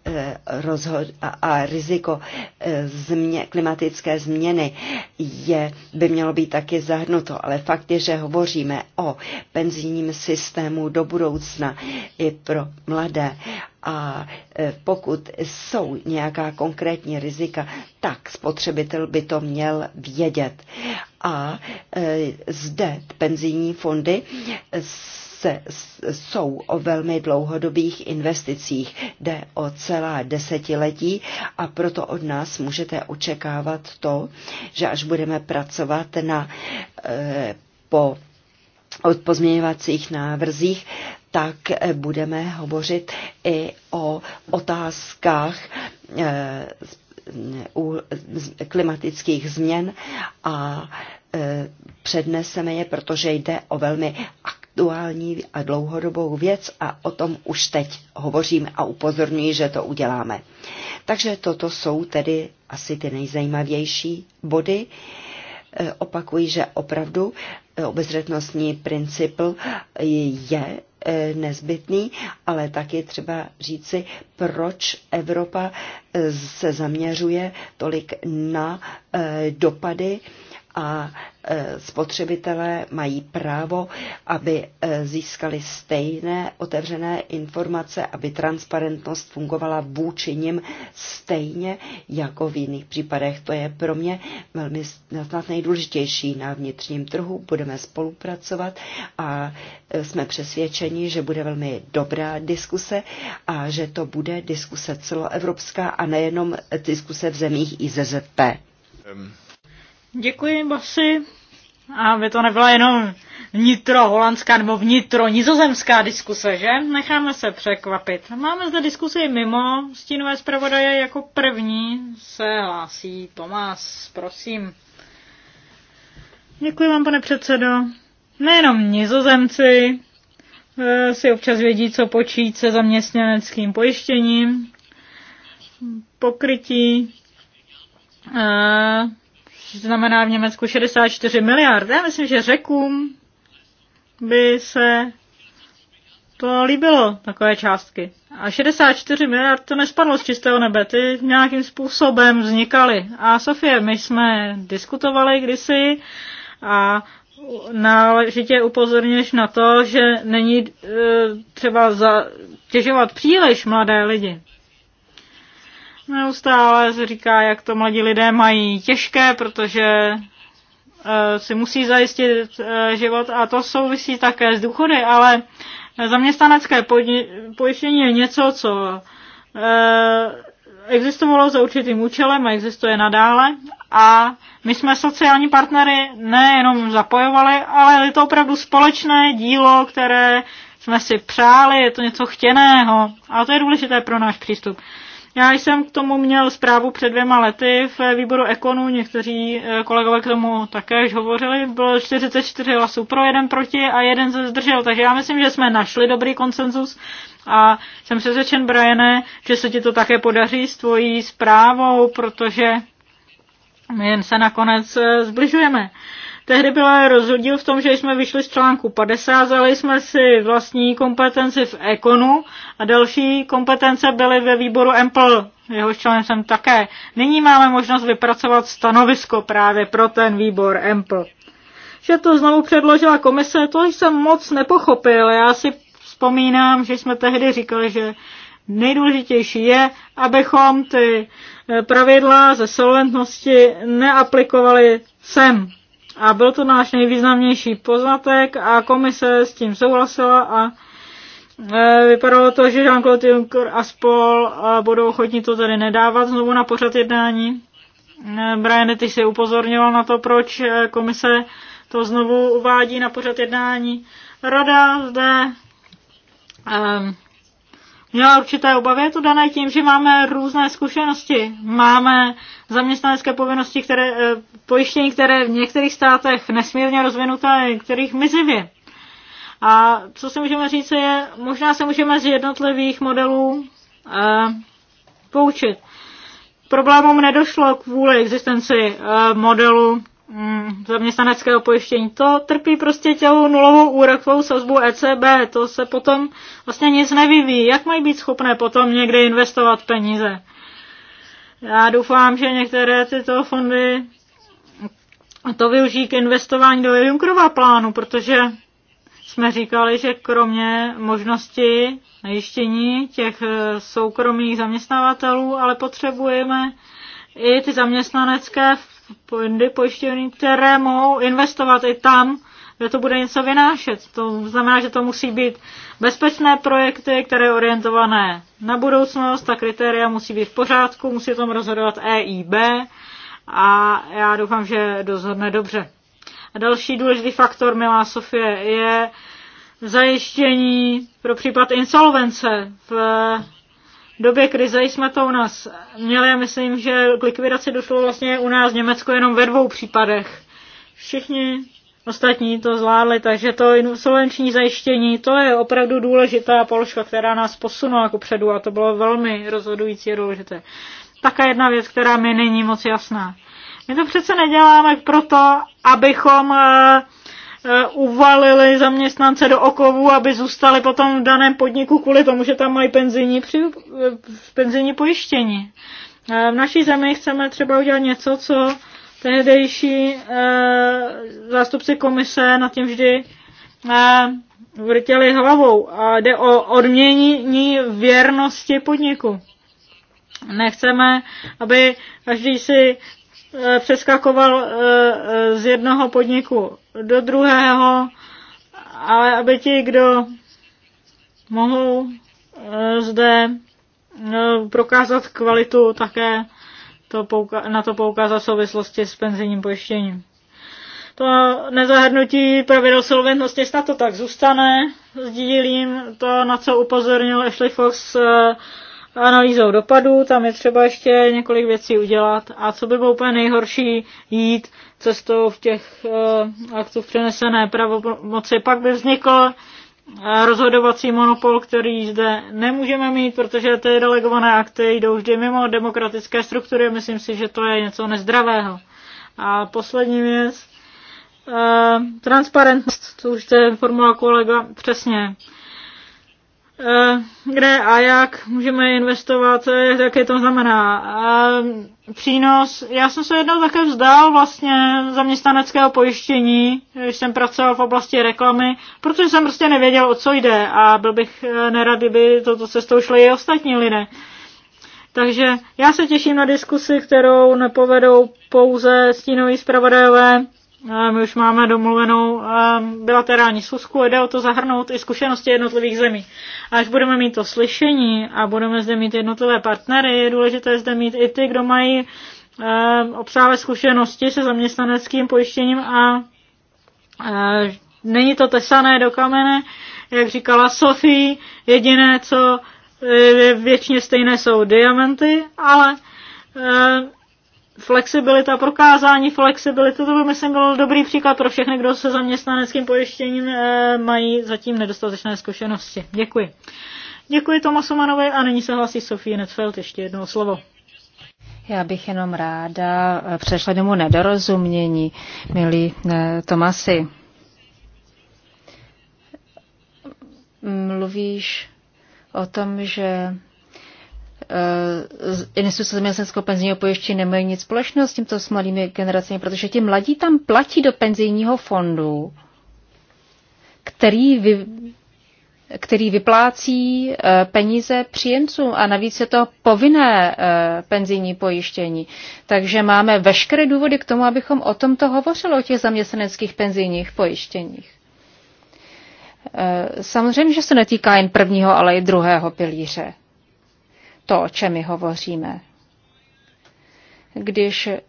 Eh, rozhod a, a riziko eh, změ, klimatické změny je, by mělo být taky zahrnuto. Ale fakt je, že hovoříme o penzijním systému do budoucna i pro mladé. A eh, pokud jsou nějaká konkrétní rizika, tak spotřebitel by to měl vědět. A zde penzijní fondy s se, jsou o velmi dlouhodobých investicích. Jde o celá desetiletí a proto od nás můžete očekávat to, že až budeme pracovat na e, po od pozměňovacích návrzích, tak e, budeme hovořit i o otázkách e, klimatických změn a předneseme je, protože jde o velmi aktivní aktuální a dlouhodobou věc a o tom už teď hovořím a upozorňuji, že to uděláme. Takže toto jsou tedy asi ty nejzajímavější body. E, opakuji, že opravdu e, obezřetnostní princip je e, nezbytný, ale taky třeba říci, proč Evropa se zaměřuje tolik na dopady a e, spotřebitelé mají právo, aby e, získali stejné otevřené informace, aby transparentnost fungovala vůči nim stejně jako v jiných případech. To je pro mě velmi snad nejdůležitější na vnitřním trhu. Budeme spolupracovat a e, jsme přesvědčeni, že bude velmi dobrá diskuse a že to bude diskuse celoevropská a nejenom diskuse v zemích IZZP. Um. Děkuji, Basi. by to nebyla jenom holandská nebo vnitro nizozemská diskuse, že? Necháme se překvapit. Máme zde diskusi mimo stínové zpravodaje. Jako první se hlásí Tomás. Prosím. Děkuji vám, pane předsedo. Nejenom nizozemci eh, si občas vědí, co počít se zaměstněneckým pojištěním, pokrytí eh, znamená v Německu 64 miliard. Já myslím, že řekům by se to líbilo, takové částky. A 64 miliard to nespadlo z čistého nebe, ty nějakým způsobem vznikaly. A Sofie, my jsme diskutovali kdysi a náležitě upozorněš na to, že není e, třeba zatěžovat příliš mladé lidi. Neustále se říká, jak to mladí lidé mají těžké, protože eh, si musí zajistit eh, život a to souvisí také s důchody, ale zaměstnanecké pojištění je něco, co eh, existovalo za určitým účelem a existuje nadále a my jsme sociální partnery nejenom zapojovali, ale je to opravdu společné dílo, které jsme si přáli, je to něco chtěného a to je důležité pro náš přístup. Já jsem k tomu měl zprávu před dvěma lety v výboru Ekonu, někteří eh, kolegové k tomu také už hovořili, bylo 44 hlasů pro, jeden proti a jeden se zdržel, takže já myslím, že jsme našli dobrý konsenzus a jsem přesvědčen, Briane, že se ti to také podaří s tvojí zprávou, protože my jen se nakonec eh, zbližujeme. Tehdy byla rozhodil v tom, že jsme vyšli z článku 50, zali jsme si vlastní kompetenci v Ekonu a další kompetence byly ve výboru EMPL, jeho členem jsem také. Nyní máme možnost vypracovat stanovisko právě pro ten výbor EMPL. Že to znovu předložila komise, to jsem moc nepochopil. Já si vzpomínám, že jsme tehdy říkali, že nejdůležitější je, abychom ty eh, pravidla ze solventnosti neaplikovali sem, a byl to náš nejvýznamnější poznatek a komise s tím souhlasila a e, Vypadalo to, že Jean-Claude Juncker a spol e, budou ochotní to tady nedávat znovu na pořad jednání. E, Brian, ty si upozorňoval na to, proč komise to znovu uvádí na pořad jednání. Rada zde měla určité obavy. Je to dané tím, že máme různé zkušenosti. Máme zaměstnanecké povinnosti, které, eh, pojištění, které v některých státech nesmírně rozvinuté, v některých mizivě. A co si můžeme říct, je, možná se můžeme z jednotlivých modelů eh, poučit. Problémům nedošlo kvůli existenci eh, modelu Mm, zaměstnaneckého pojištění. To trpí prostě tělou nulovou úrokovou sazbu ECB. To se potom vlastně nic nevyvíjí. Jak mají být schopné potom někde investovat peníze? Já doufám, že některé tyto fondy to využijí k investování do Junckerova plánu, protože jsme říkali, že kromě možnosti najištění těch eh, soukromých zaměstnavatelů, ale potřebujeme i ty zaměstnanecké fondy pojištění, které mohou investovat i tam, kde to bude něco vynášet. To znamená, že to musí být bezpečné projekty, které je orientované na budoucnost, ta kritéria musí být v pořádku, musí o tom rozhodovat EIB a já doufám, že dozhodne dobře. A další důležitý faktor, milá Sofie, je zajištění pro případ insolvence v době krize jsme to u nás měli a myslím, že k likvidaci došlo vlastně u nás v Německu jenom ve dvou případech. Všichni ostatní to zvládli, takže to insolvenční zajištění, to je opravdu důležitá položka, která nás posunula jako předu a to bylo velmi rozhodující a důležité. Taká jedna věc, která mi není moc jasná. My to přece neděláme proto, abychom uh, Eh, uvalili zaměstnance do okovu, aby zůstali potom v daném podniku kvůli tomu, že tam mají penzijní, při, eh, penzijní pojištění. Eh, v naší zemi chceme třeba udělat něco, co tehdejší zástupci komise nad tím vždy vrtěli hlavou. A jde o odměnění věrnosti podniku. Nechceme, aby každý si Eh, přeskakoval eh, eh, z jednoho podniku do druhého, ale aby ti, kdo mohou zde prokázat kvalitu, také to na to poukázat v souvislosti s penzijním pojištěním. To nezahrnutí pravidel solventnosti snad to tak zůstane. Sdílím to, na co upozornil Ashley Fox analýzou dopadů, tam je třeba ještě několik věcí udělat a co by bylo úplně nejhorší jít cestou v těch uh, aktů přenesené pravomoci, pak by vznikl eh, rozhodovací monopol, který zde nemůžeme mít, protože ty delegované akty jdou vždy mimo demokratické struktury. Myslím si, že to je něco nezdravého. A poslední věc, eh, transparentnost, to už to formula kolega přesně. Eh, kde a jak můžeme investovat, eh, Jak je to znamená. Eh, přínos, já jsem se jednou také vzdal vlastně zaměstnaneckého pojištění, když jsem pracoval v oblasti reklamy, protože jsem prostě nevěděl, o co jde a byl bych nerad, kdyby toto cestou šly i ostatní lidé. Takže já se těším na diskusi, kterou nepovedou pouze stínoví zpravodajové my už máme domluvenou bilaterální schůzku a jde o to zahrnout i zkušenosti jednotlivých zemí. Až budeme mít to slyšení a budeme zde mít jednotlivé partnery, je důležité zde mít i ty, kdo mají e, obsáhlé zkušenosti se zaměstnaneckým pojištěním a e, není to tesané do kamene, jak říkala Sofie, jediné, co e, je věčně stejné, jsou diamanty, ale flexibilita, prokázání flexibility, to by myslím byl dobrý příklad pro všechny, kdo se zaměstnaneckým pojištěním eh, mají zatím nedostatečné zkušenosti. Děkuji. Děkuji Tomasu Manovi a nyní se hlasí Sofie Netfeld ještě jednou slovo. Já bych jenom ráda eh, přešla domů nedorozumění, milí eh, Tomasi. Mluvíš o tom, že Eh, se zeměstnického penzijního pojištění nemají nic společného s tímto s mladými generacemi, protože ti mladí tam platí do penzijního fondu, který, vy, který vyplácí eh, peníze příjemcům a navíc je to povinné eh, penzijní pojištění. Takže máme veškeré důvody k tomu, abychom o tomto hovořili, o těch zaměstnaneckých penzijních pojištěních. Samozřejmě, že se netýká jen prvního, ale i druhého pilíře to, o čem my hovoříme. Když eh,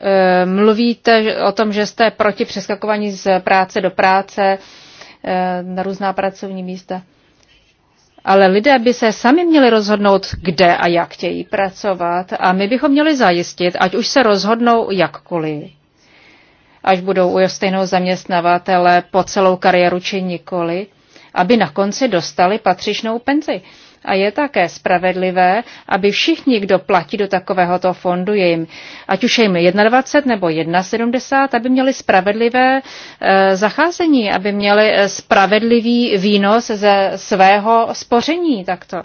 eh, mluvíte o tom, že jste proti přeskakování z práce do práce eh, na různá pracovní místa. Ale lidé by se sami měli rozhodnout, kde a jak chtějí pracovat a my bychom měli zajistit, ať už se rozhodnou jakkoliv, až budou u stejného zaměstnavatele po celou kariéru či nikoli, aby na konci dostali patřičnou penzi a je také spravedlivé, aby všichni, kdo platí do takovéhoto fondu, je jim, ať už je jim 21 nebo 1,70, aby měli spravedlivé e, zacházení, aby měli eh, spravedlivý výnos ze svého spoření takto.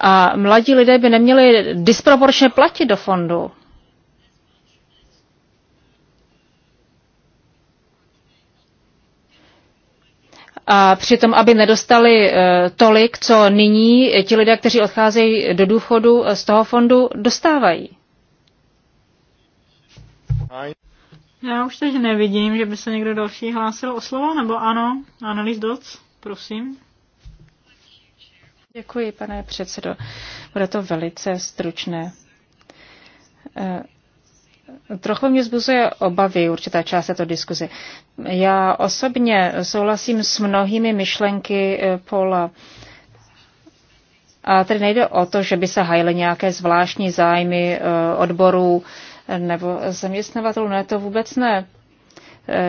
A mladí lidé by neměli disproporčně platit do fondu. a přitom, aby nedostali eh, tolik, co nyní ti lidé, kteří odcházejí do důchodu eh, z toho fondu, dostávají. Já už teď nevidím, že by se někdo další hlásil o slovo, nebo ano? analýz Doc, prosím. Děkuji, pane předsedo. Bude to velice stručné. Eh, Trochu mě zbuzuje obavy určitá část této diskuzi. Já osobně souhlasím s mnohými myšlenky eh, Paula. A tedy nejde o to, že by se hajily nějaké zvláštní zájmy eh, odborů eh, nebo zaměstnavatelů. Ne, to vůbec ne.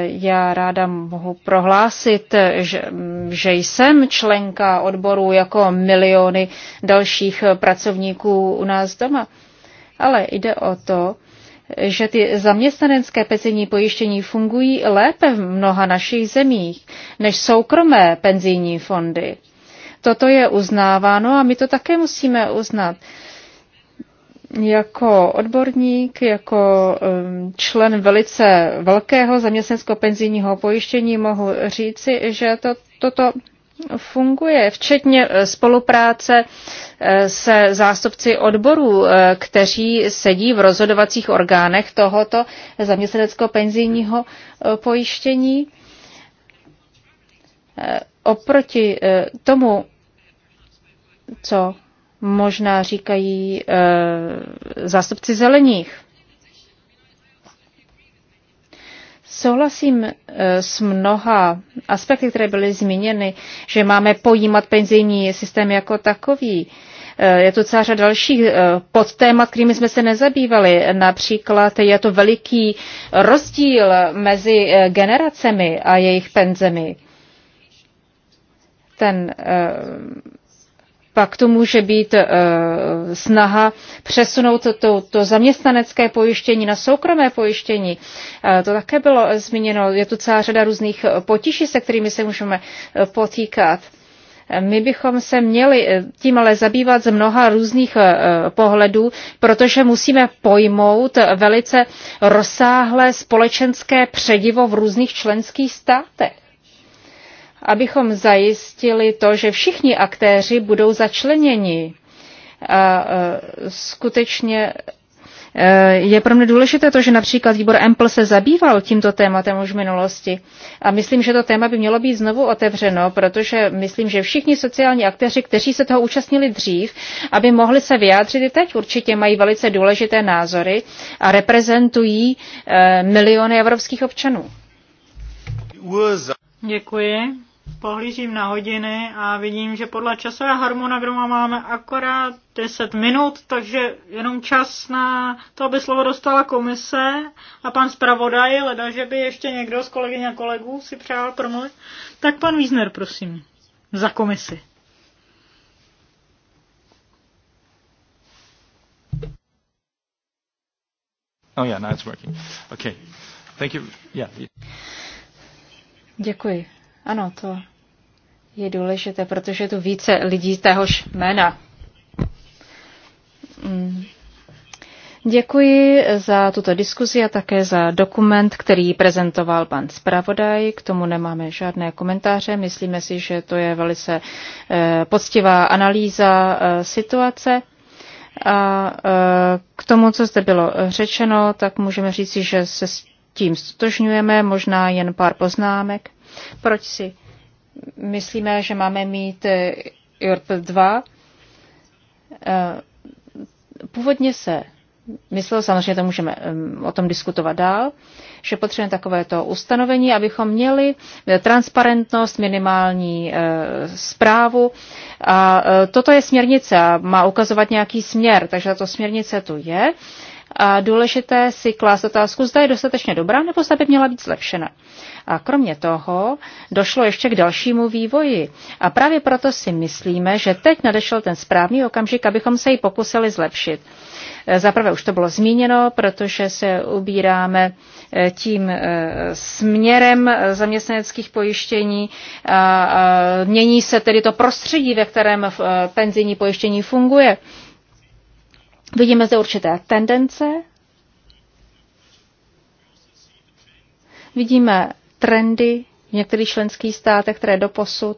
Já ráda mohu prohlásit, že, mm, že jsem členka odboru jako miliony dalších pracovníků u nás doma. Ale jde o to, že ty zaměstnanecké penzijní pojištění fungují lépe v mnoha našich zemích než soukromé penzijní fondy. Toto je uznáváno a my to také musíme uznat. Jako odborník, jako um, člen velice velkého zaměstnaneckého penzijního pojištění mohu říci, že to, toto funguje, včetně eh, spolupráce eh, se zástupci odborů, eh, kteří sedí v rozhodovacích orgánech tohoto zaměstnaneckého penzijního pojištění. Oproti tomu, co možná říkají zástupci zelených, Souhlasím eh, s mnoha aspekty, které byly zmíněny, že máme pojímat penzijní systém jako takový. Eh, je to celá řada dalších eh, podtémat, kterými jsme se nezabývali. Například je to veliký rozdíl mezi generacemi a jejich penzemi. Ten pak to může být eh, snaha přesunout to, to zaměstnanecké pojištění na soukromé pojištění. Eh, to také bylo eh, zmíněno. Je tu celá řada různých potíží, se kterými se můžeme potýkat. My bychom se měli tím ale zabývat z mnoha různých pohledů, protože musíme pojmout velice rozsáhlé společenské předivo v různých členských státech abychom zajistili to, že všichni aktéři budou začleněni. A skutečně e, je pro mě důležité to, že například výbor Empl se zabýval tímto tématem už v minulosti. A myslím, že to téma by mělo být znovu otevřeno, protože myslím, že všichni sociální aktéři, kteří se toho účastnili dřív, aby mohli se vyjádřit i teď, určitě mají velice důležité názory a reprezentují e, miliony evropských občanů. Děkuji pohlížím na hodiny a vidím, že podle časové harmonogramu máme akorát 10 minut, takže jenom čas na to, aby slovo dostala komise a pan zpravodaj, leda, že by ještě někdo z kolegyň a kolegů si přál promluvit. Tak pan Wiesner, prosím, za komisi. Oh yeah, now it's working. Okay. Thank you. Yeah. Děkuji. Ano, to je důležité, protože je tu více lidí z téhož jména. Mm. Děkuji za tuto diskuzi a také za dokument, který prezentoval pan zpravodaj. K tomu nemáme žádné komentáře. Myslíme si, že to je velice eh, poctivá analýza eh, situace. A eh, k tomu, co zde bylo řečeno, tak můžeme říci, že se s tím stotožňujeme, možná jen pár poznámek. Proč si myslíme, že máme mít IRP eh, 2? Eh, původně se myslel, samozřejmě to můžeme mm, o tom diskutovat dál, že potřebujeme takovéto ustanovení, abychom měli eh, transparentnost, minimální zprávu. A toto je směrnice a má ukazovat nějaký směr, takže tato směrnice tu je a důležité si klást otázku, zda je dostatečně dobrá nebo zda by měla být zlepšena. A kromě toho došlo ještě k dalšímu vývoji. A právě proto si myslíme, že teď nadešel ten správný okamžik, abychom se ji pokusili zlepšit. E, Zaprvé už to bylo zmíněno, protože se ubíráme e, tím e, směrem zaměstnaneckých pojištění a mění se tedy to prostředí, ve kterém penzijní pojištění funguje. Vidíme zde určité tendence, vidíme trendy v některých členských státech, které doposud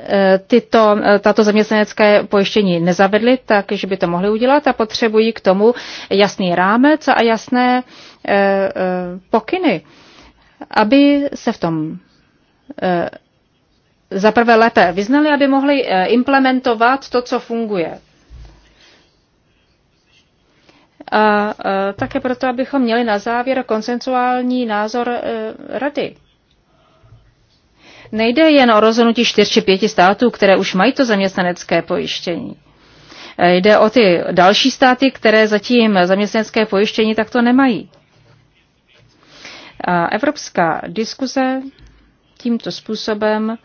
eh, tyto, eh, tato zaměstnanecké pojištění nezavedly, takže by to mohly udělat a potřebují k tomu jasný rámec a jasné eh, pokyny, aby se v tom zaprvé lépe vyznali, aby mohli implementovat to, co funguje a také proto, abychom měli na závěr konsensuální názor e, rady. Nejde jen o rozhodnutí čtyř či pěti států, které už mají to zaměstnanecké pojištění. E, jde o ty další státy, které zatím zaměstnanecké pojištění takto nemají. A evropská diskuze tímto způsobem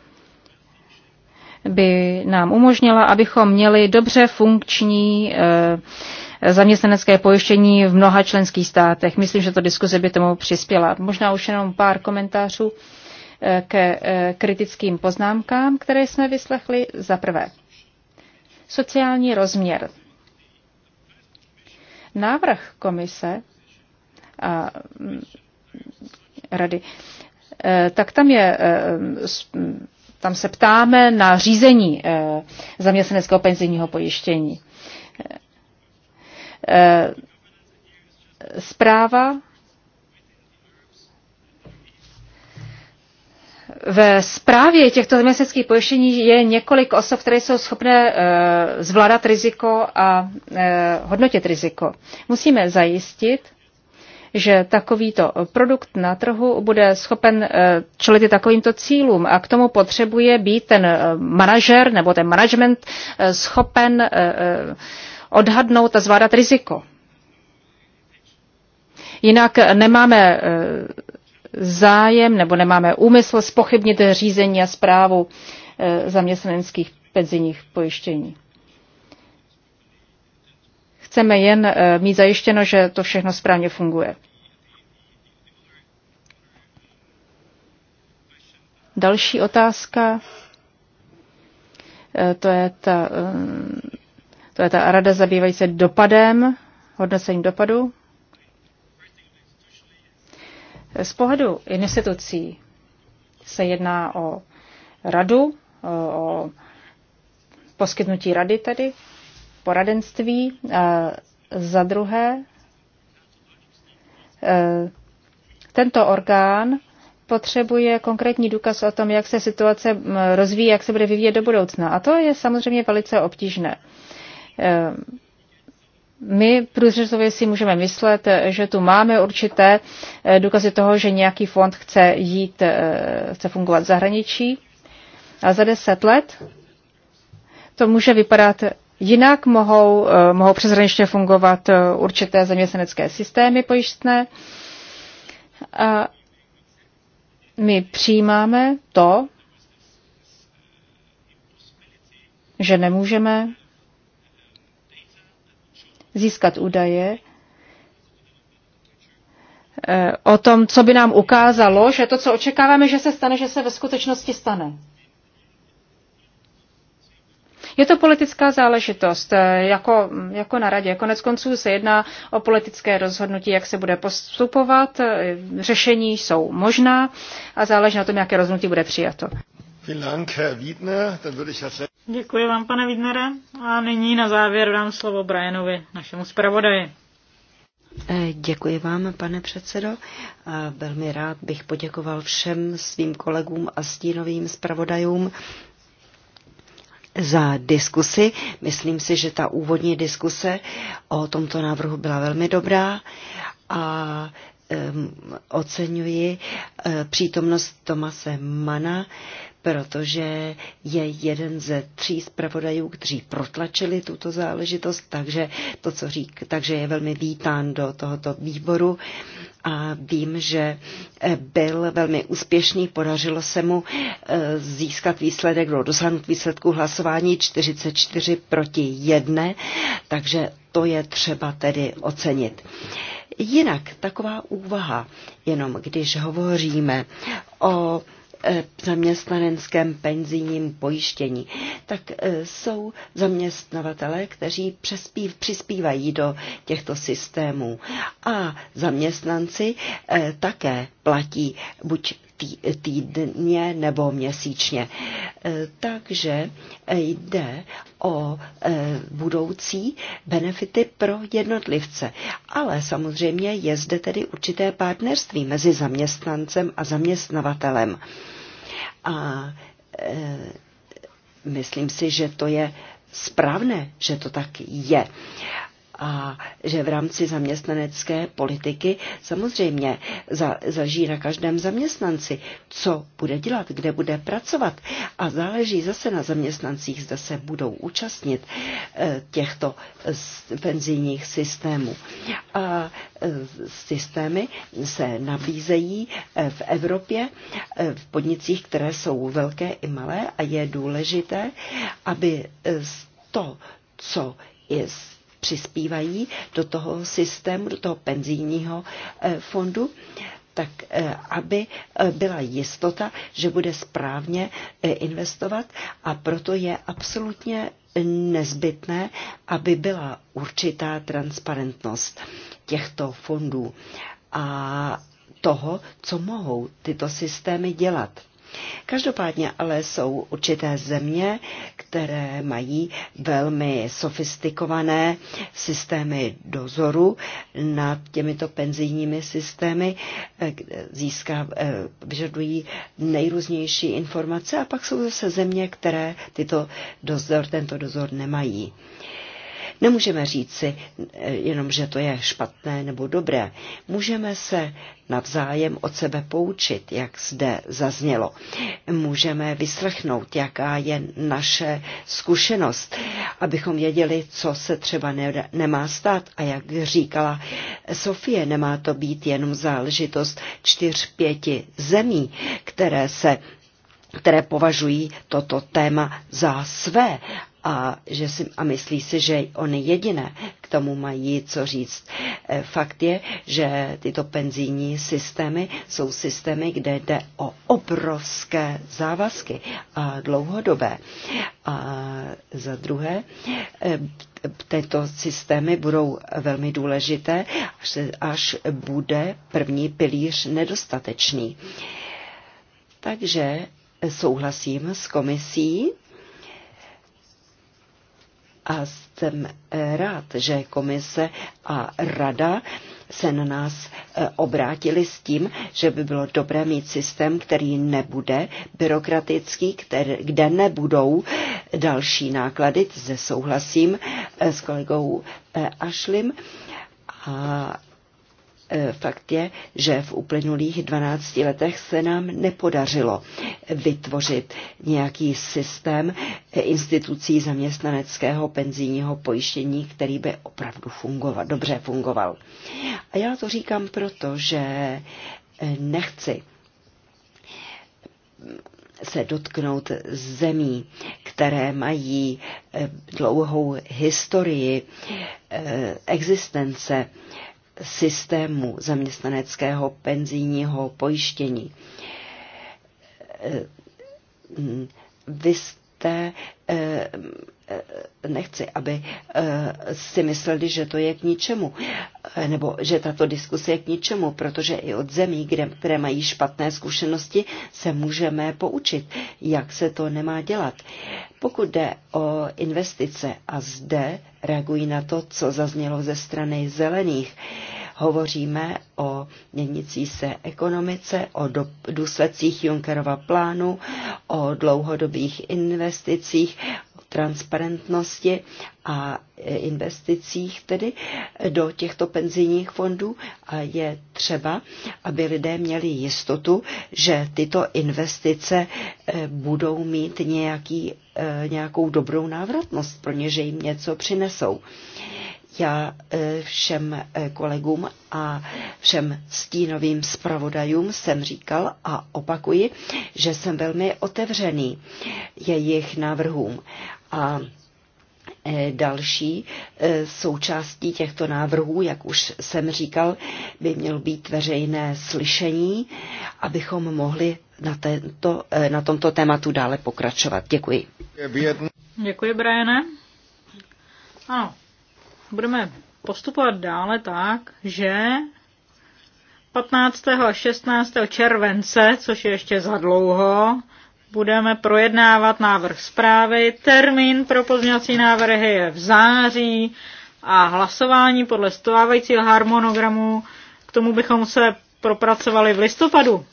by nám umožnila, abychom měli dobře funkční eh, zaměstnanecké pojištění v mnoha členských státech. Myslím, že to diskuze by tomu přispěla. Možná už jenom pár komentářů eh, ke eh, kritickým poznámkám, které jsme vyslechli. Za prvé, sociální rozměr. Návrh komise a mm, rady, eh, tak tam je mm, tam se ptáme na řízení zaměstnaneckého penzijního pojištění. Eh, zpráva Ve zprávě těchto zeměstnických pojištění je několik osob, které jsou schopné eh, zvládat riziko a eh, hodnotit riziko. Musíme zajistit, že takovýto produkt na trhu bude schopen čelit takovýmto cílům a k tomu potřebuje být ten manažer nebo ten management schopen odhadnout a zvládat riziko. Jinak nemáme e, zájem nebo nemáme úmysl spochybnit řízení a zprávu e, zaměstnaneckých penzijních pojištění. Chceme jen e, mít zajištěno, že to všechno správně funguje. Další otázka, to je ta to je ta rada zabývají se dopadem, hodnocením dopadu. Z pohledu institucí se jedná o radu, o, o poskytnutí rady tedy, poradenství. A za druhé, e, tento orgán potřebuje konkrétní důkaz o tom, jak se situace rozvíjí, jak se bude vyvíjet do budoucna. A to je samozřejmě velice obtížné. Ehm, my průřezově si můžeme myslet, eh, že tu máme určité eh, důkazy toho, že nějaký fond chce jít, eh, chce fungovat v zahraničí. A za deset let to může vypadat jinak, mohou, mohou přeshraničně fungovat určité zaměstnanecké systémy pojištné. A my přijímáme to, že nemůžeme získat údaje eh, o tom, co by nám ukázalo, že to, co očekáváme, že se stane, že se ve skutečnosti stane. Je to politická záležitost, eh, jako, jako na radě. Konec konců se jedná o politické rozhodnutí, jak se bude postupovat. Eh, řešení jsou možná a záleží na tom, jaké rozhodnutí bude přijato. Děkuji vám, pane Wiednere. A nyní na závěr dám slovo Brianovi, našemu zpravodaji. E, děkuji vám, pane předsedo. A e, velmi rád bych poděkoval všem svým kolegům a stínovým zpravodajům za diskusi. Myslím si, že ta úvodní diskuse o tomto návrhu byla velmi dobrá a Ehm, oceňuji eh, přítomnost Tomase Mana, protože je jeden ze tří zpravodajů, kteří protlačili tuto záležitost, takže to, co řík, takže je velmi vítán do tohoto výboru a vím, že eh, byl velmi úspěšný, podařilo se mu eh, získat výsledek, no, dosáhnout výsledku hlasování 44 proti 1, takže to je třeba tedy ocenit. Jinak taková úvaha, jenom když hovoříme o e, zaměstnaneckém penzijním pojištění, tak e, jsou zaměstnavatele, kteří přespív, přispívají do těchto systémů. A zaměstnanci e, také platí buď týdně nebo měsíčně. E, takže jde o e, budoucí benefity pro jednotlivce. Ale samozřejmě je zde tedy určité partnerství mezi zaměstnancem a zaměstnavatelem. A e, myslím si, že to je správné, že to tak je a že v rámci zaměstnanecké politiky samozřejmě za, zažijí na každém zaměstnanci, co bude dělat, kde bude pracovat a záleží zase na zaměstnancích, zda se budou účastnit eh, těchto penzijních systémů. A eh, systémy se nabízejí eh, v Evropě v podnicích, které jsou velké i malé a je důležité, aby to, co je přispívají do toho systému, do toho penzijního eh, fondu, tak eh, aby eh, byla jistota, že bude správně investovat a proto je absolutně nezbytné, aby byla určitá transparentnost těchto fondů a toho, co mohou tyto systémy dělat. Každopádně ale jsou určité země, které mají velmi sofistikované systémy dozoru nad těmito penzijními systémy, eh, získá, eh, vyžadují nejrůznější informace a pak jsou zase země, které tyto dozor, tento dozor nemají. Nemůžeme říci eh, jenom, že to je špatné nebo dobré. Můžeme se navzájem od sebe poučit, jak zde zaznělo. Můžeme vyslechnout, jaká je naše zkušenost, abychom věděli, co se třeba ne- nemá stát. A jak říkala Sofie, nemá to být jenom záležitost čtyř, pěti zemí, které se které považují toto téma za své a, že si, a myslí si, že oni jediné k tomu mají co říct. E, fakt je, že tyto penzijní systémy jsou systémy, kde jde o obrovské závazky a dlouhodobé. A za druhé, e, tyto systémy budou velmi důležité, až, až bude první pilíř nedostatečný. Takže souhlasím s komisí a jsem eh, rád, že komise a rada se na nás eh, obrátili s tím, že by bylo dobré mít systém, který nebude byrokratický, který, kde nebudou eh, další náklady, se souhlasím s kolegou Ašlim. A E, fakt je, že v uplynulých 12 letech se nám nepodařilo vytvořit nějaký systém e, institucí zaměstnaneckého penzijního pojištění, který by opravdu fungoval, dobře fungoval. A já to říkám proto, že e, nechci se dotknout zemí, které mají dlouhou historii existence systému zaměstnaneckého penzijního pojištění. jste poté eh, eh, nechci, aby eh, si mysleli, že to je k ničemu, nebo že tato diskuse je k ničemu, protože i od zemí, kde, které mají špatné zkušenosti, se můžeme poučit, jak se to nemá dělat. Pokud jde o investice a zde reagují na to, co zaznělo ze strany zelených, eh, Hovoříme o měnící se ekonomice, o do, důsledcích Junckerova plánu, o dlouhodobých investicích, o transparentnosti a e, investicích tedy do těchto penzijních fondů a je třeba, aby lidé měli jistotu, že tyto investice e, budou mít nějaký, e, nějakou dobrou návratnost pro ně, že jim něco přinesou. Já eh, všem eh, kolegům a všem stínovým zpravodajům jsem říkal a opakuji, že jsem velmi otevřený jejich návrhům. A eh, Další součástí těchto návrhů, jak už jsem říkal, by mělo být veřejné slyšení, abychom mohli na, tento, na tomto tématu dále pokračovat. Děkuji. Děkuji, Briane. Ano, budeme postupovat dále tak, že 15. a 16. července, což je ještě za dlouho, budeme projednávat návrh zprávy. Termín pro pozměňovací návrhy je v září a hlasování podle stávajícího harmonogramu, k tomu bychom se propracovali v listopadu.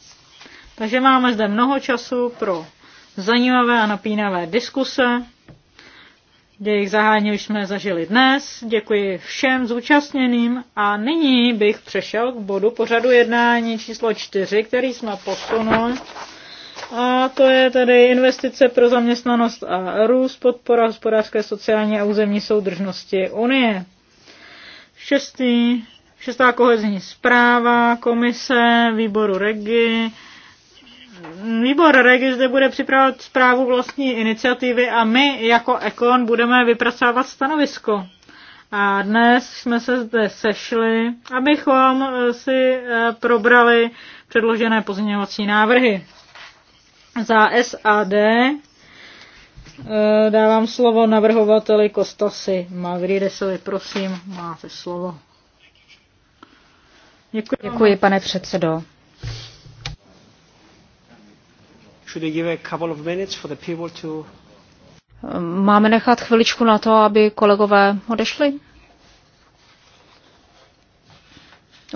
Takže máme zde mnoho času pro zajímavé a napínavé diskuse jejich zahání už jsme zažili dnes. Děkuji všem zúčastněným a nyní bych přešel k bodu pořadu jednání číslo čtyři, který jsme posunuli. A to je tedy investice pro zaměstnanost a růst, podpora hospodářské, sociální a územní soudržnosti Unie. Šestý, šestá kohezní zpráva, komise, výboru regi, Výbor Regis zde bude připravovat zprávu vlastní iniciativy a my jako Ekon budeme vypracovávat stanovisko. A dnes jsme se zde sešli, abychom eh, si eh, probrali předložené pozměňovací návrhy. Za SAD eh, dávám slovo navrhovateli Kostasi Mavridesovi. Prosím, máte slovo. Děkuji, Děkuji pane předsedo. Máme nechat chviličku na to, aby kolegové odešli?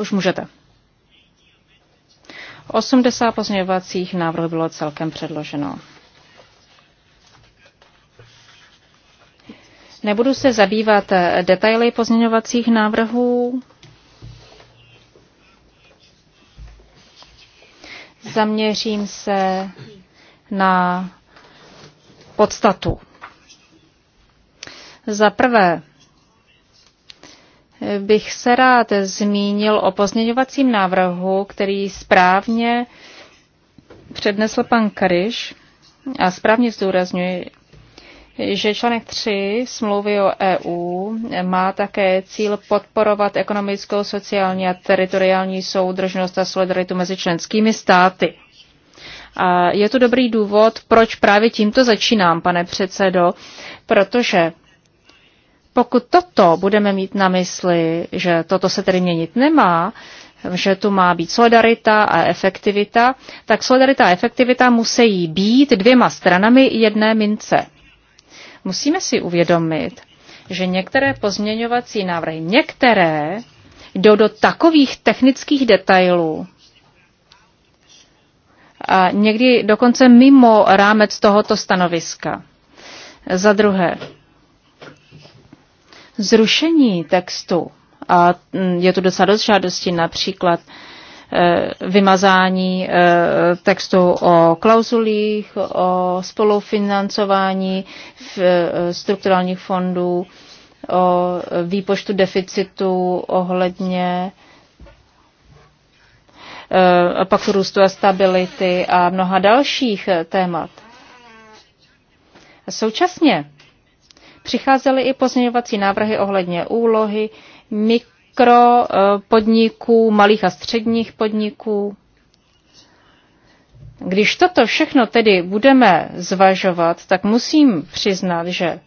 Už můžete. 80 pozměňovacích návrhů bylo celkem předloženo. Nebudu se zabývat detaily pozměňovacích návrhů. Zaměřím se na podstatu. Za prvé bych se rád zmínil o pozměňovacím návrhu, který správně přednesl pan Kryš a správně zdůrazňuje, že článek 3 smlouvy o EU má také cíl podporovat ekonomickou, sociální a teritoriální soudržnost a solidaritu mezi členskými státy. A je to dobrý důvod, proč právě tímto začínám, pane předsedo, protože pokud toto budeme mít na mysli, že toto se tedy měnit nemá, že tu má být solidarita a efektivita, tak solidarita a efektivita musí být dvěma stranami jedné mince. Musíme si uvědomit, že některé pozměňovací návrhy, některé jdou do takových technických detailů, a někdy dokonce mimo rámec tohoto stanoviska. Za druhé, zrušení textu, a je tu docela dost žádosti například eh, vymazání eh, textu o klauzulích, o spolufinancování eh, strukturálních fondů, o výpočtu deficitu ohledně Eh, paktu růstu a stability a mnoha dalších eh, témat. Současně přicházely i pozměňovací návrhy ohledně úlohy mikropodniků, eh, malých a středních podniků. Když toto všechno tedy budeme zvažovat, tak musím přiznat, že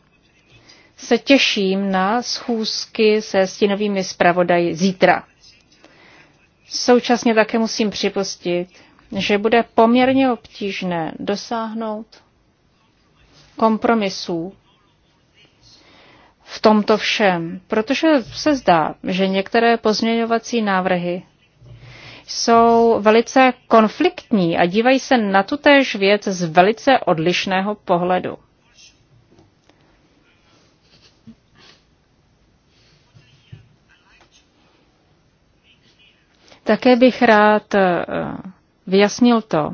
se těším na schůzky se stínovými zpravodaji zítra. Současně také musím připustit, že bude poměrně obtížné dosáhnout kompromisů v tomto všem, protože se zdá, že některé pozměňovací návrhy jsou velice konfliktní a dívají se na tutéž věc z velice odlišného pohledu. Také bych rád eh, vyjasnil to,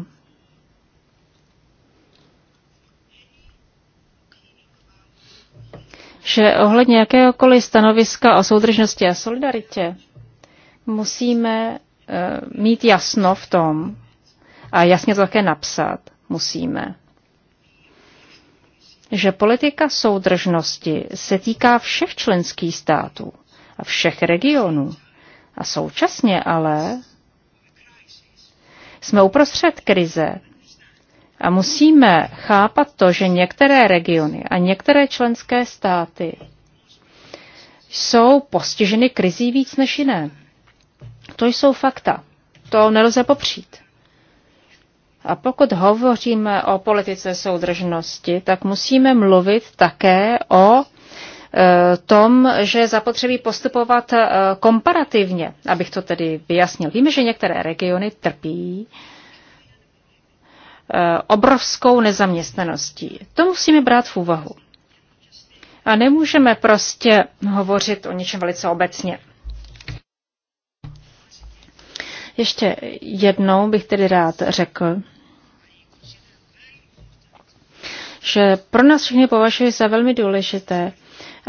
že ohledně jakéhokoliv stanoviska o soudržnosti a solidaritě musíme eh, mít jasno v tom a jasně to také napsat musíme, že politika soudržnosti se týká všech členských států a všech regionů a současně ale jsme uprostřed krize a musíme chápat to, že některé regiony a některé členské státy jsou postiženy krizí víc než jiné. To jsou fakta. To nelze popřít. A pokud hovoříme o politice soudržnosti, tak musíme mluvit také o Eh, tom, že zapotřebí postupovat eh, komparativně, abych to tedy vyjasnil. Víme, že některé regiony trpí eh, obrovskou nezaměstnaností. To musíme brát v úvahu. A nemůžeme prostě hovořit o něčem velice obecně. Ještě jednou bych tedy rád řekl, že pro nás všechny považuji za velmi důležité,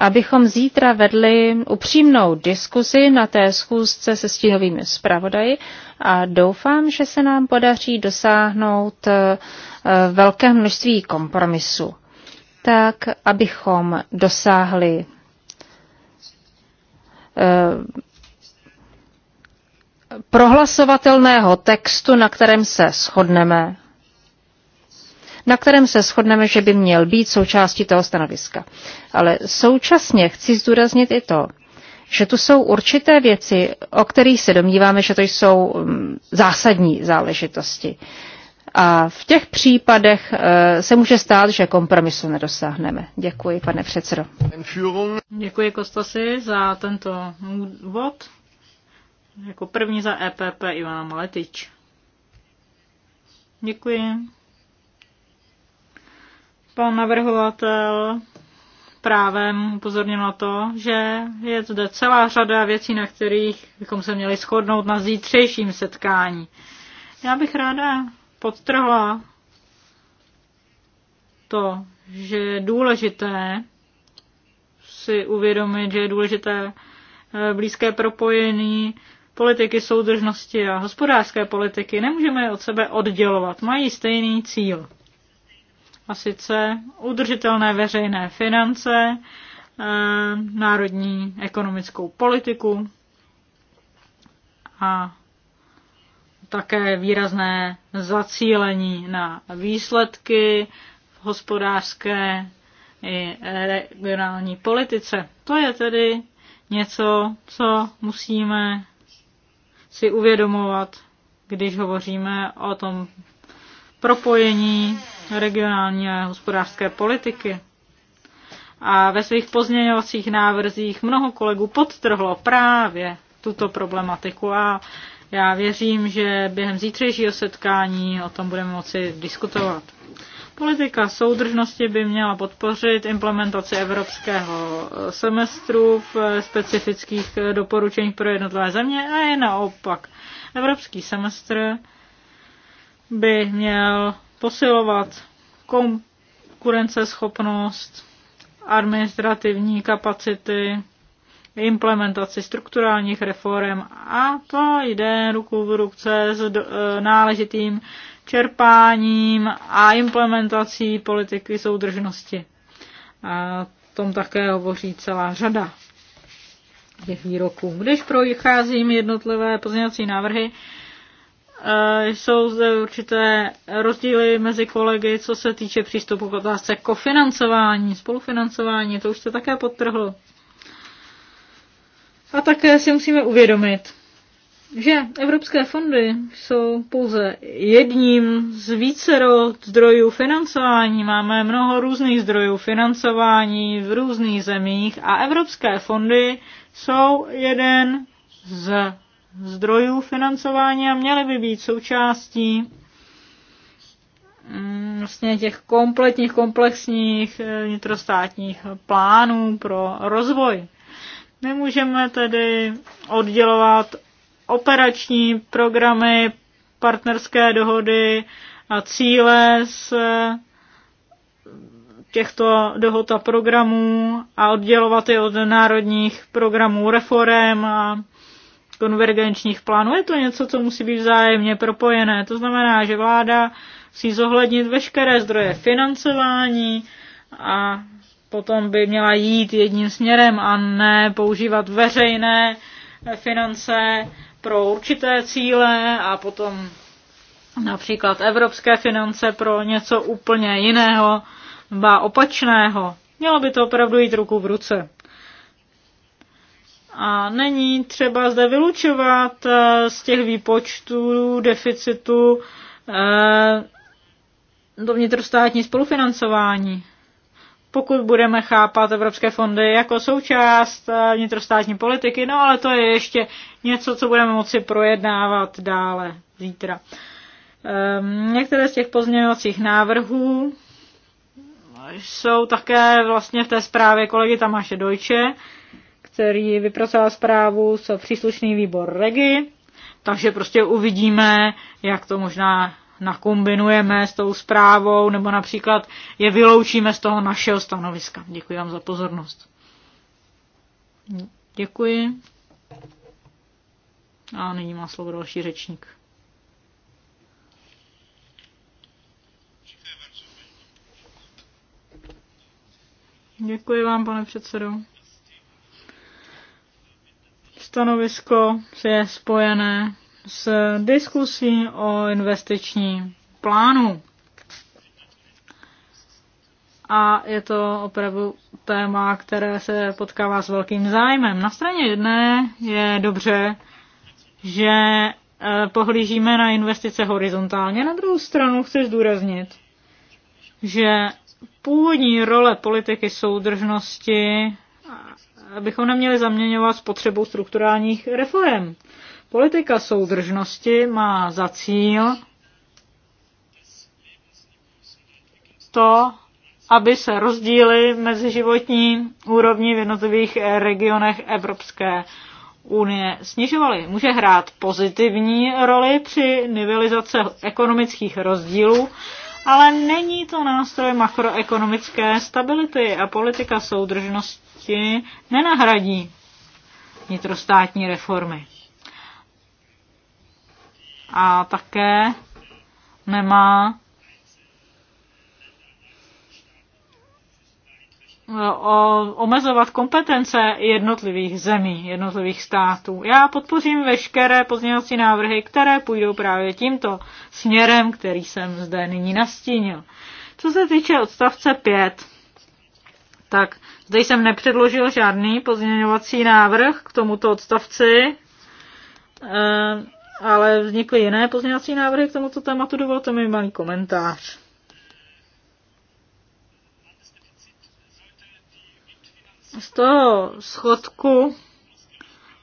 abychom zítra vedli upřímnou diskuzi na té schůzce se stínovými zpravodaji a doufám, že se nám podaří dosáhnout eh, velké množství kompromisu, tak abychom dosáhli eh, prohlasovatelného textu, na kterém se shodneme na kterém se shodneme, že by měl být součástí toho stanoviska. Ale současně chci zdůraznit i to, že tu jsou určité věci, o kterých se domníváme, že to jsou mm, zásadní záležitosti. A v těch případech eh, se může stát, že kompromisu nedosáhneme. Děkuji, pane předsedo. Děkuji, Kostasi, za tento úvod. Jako první za EPP Ivana Maletič. Děkuji pan navrhovatel právem upozornil na to, že je zde celá řada věcí, na kterých bychom se měli shodnout na zítřejším setkání. Já bych ráda podtrhla to, že je důležité si uvědomit, že je důležité eh, blízké propojení politiky soudržnosti a hospodářské politiky. Nemůžeme je od sebe oddělovat. Mají stejný cíl a sice udržitelné veřejné finance, eh, národní ekonomickou politiku a také výrazné zacílení na výsledky v hospodářské i regionální politice. To je tedy něco, co musíme si uvědomovat, když hovoříme o tom propojení regionální a hospodářské politiky. A ve svých pozměňovacích návrzích mnoho kolegů podtrhlo právě tuto problematiku a já věřím, že během zítřejšího setkání o tom budeme moci diskutovat. Politika soudržnosti by měla podpořit implementaci evropského semestru v specifických doporučeních pro jednotlivé země a je naopak. Evropský semestr by měl posilovat konkurenceschopnost, administrativní kapacity, implementaci strukturálních reform a to jde ruku v ruce s eh, náležitým čerpáním a implementací politiky soudržnosti. A tom také hovoří celá řada těch výroků. Když procházím jednotlivé pozměňovací návrhy, jsou zde určité rozdíly mezi kolegy, co se týče přístupu k otázce kofinancování, spolufinancování, to už se také podtrhlo. A také si musíme uvědomit, že evropské fondy jsou pouze jedním z vícero zdrojů financování. Máme mnoho různých zdrojů financování v různých zemích a evropské fondy jsou jeden z zdrojů financování a měly by být součástí mm, vlastně těch kompletních, komplexních eh, vnitrostátních plánů pro rozvoj. Nemůžeme tedy oddělovat operační programy, partnerské dohody a cíle z eh, těchto dohod a programů a oddělovat je od národních programů reform a konvergenčních plánů. Je to něco, co musí být vzájemně propojené. To znamená, že vláda musí zohlednit veškeré zdroje financování a potom by měla jít jedním směrem a ne používat veřejné finance pro určité cíle a potom například evropské finance pro něco úplně jiného, ba opačného. Mělo by to opravdu jít ruku v ruce. A není třeba zde vylučovat eh, z těch výpočtů deficitu eh, do vnitrostátní spolufinancování. Pokud budeme chápat evropské fondy jako součást eh, vnitrostátní politiky, no ale to je ještě něco, co budeme moci projednávat dále zítra. Ehm, některé z těch pozměňovacích návrhů jsou také vlastně v té zprávě kolegy Tamáše Dojče, který vypracoval zprávu, co příslušný výbor REGI, takže prostě uvidíme, jak to možná nakombinujeme s tou zprávou, nebo například je vyloučíme z toho našeho stanoviska. Děkuji vám za pozornost. Děkuji. A nyní má slovo další řečník. Děkuji vám, pane předsedo stanovisko je spojené s diskusí o investiční plánu. A je to opravdu téma, které se potkává s velkým zájmem. Na straně jedné je dobře, že e, pohlížíme na investice horizontálně. Na druhou stranu chci zdůraznit, že původní role politiky soudržnosti bychom neměli zaměňovat s potřebou strukturálních reform. Politika soudržnosti má za cíl to, aby se rozdíly mezi životní úrovní v jednotlivých regionech Evropské unie snižovaly. Může hrát pozitivní roli při nivelizace ekonomických rozdílů, ale není to nástroj makroekonomické stability a politika soudržnosti nenahradí vnitrostátní reformy. A také nemá omezovat kompetence jednotlivých zemí, jednotlivých států. Já podpořím veškeré pozměňovací návrhy, které půjdou právě tímto směrem, který jsem zde nyní nastínil. Co se týče odstavce 5, tak zde jsem nepředložil žádný pozměňovací návrh k tomuto odstavci, eh, ale vznikly jiné pozměňovací návrhy k tomuto tématu, dovolte mi malý komentář. z toho schodku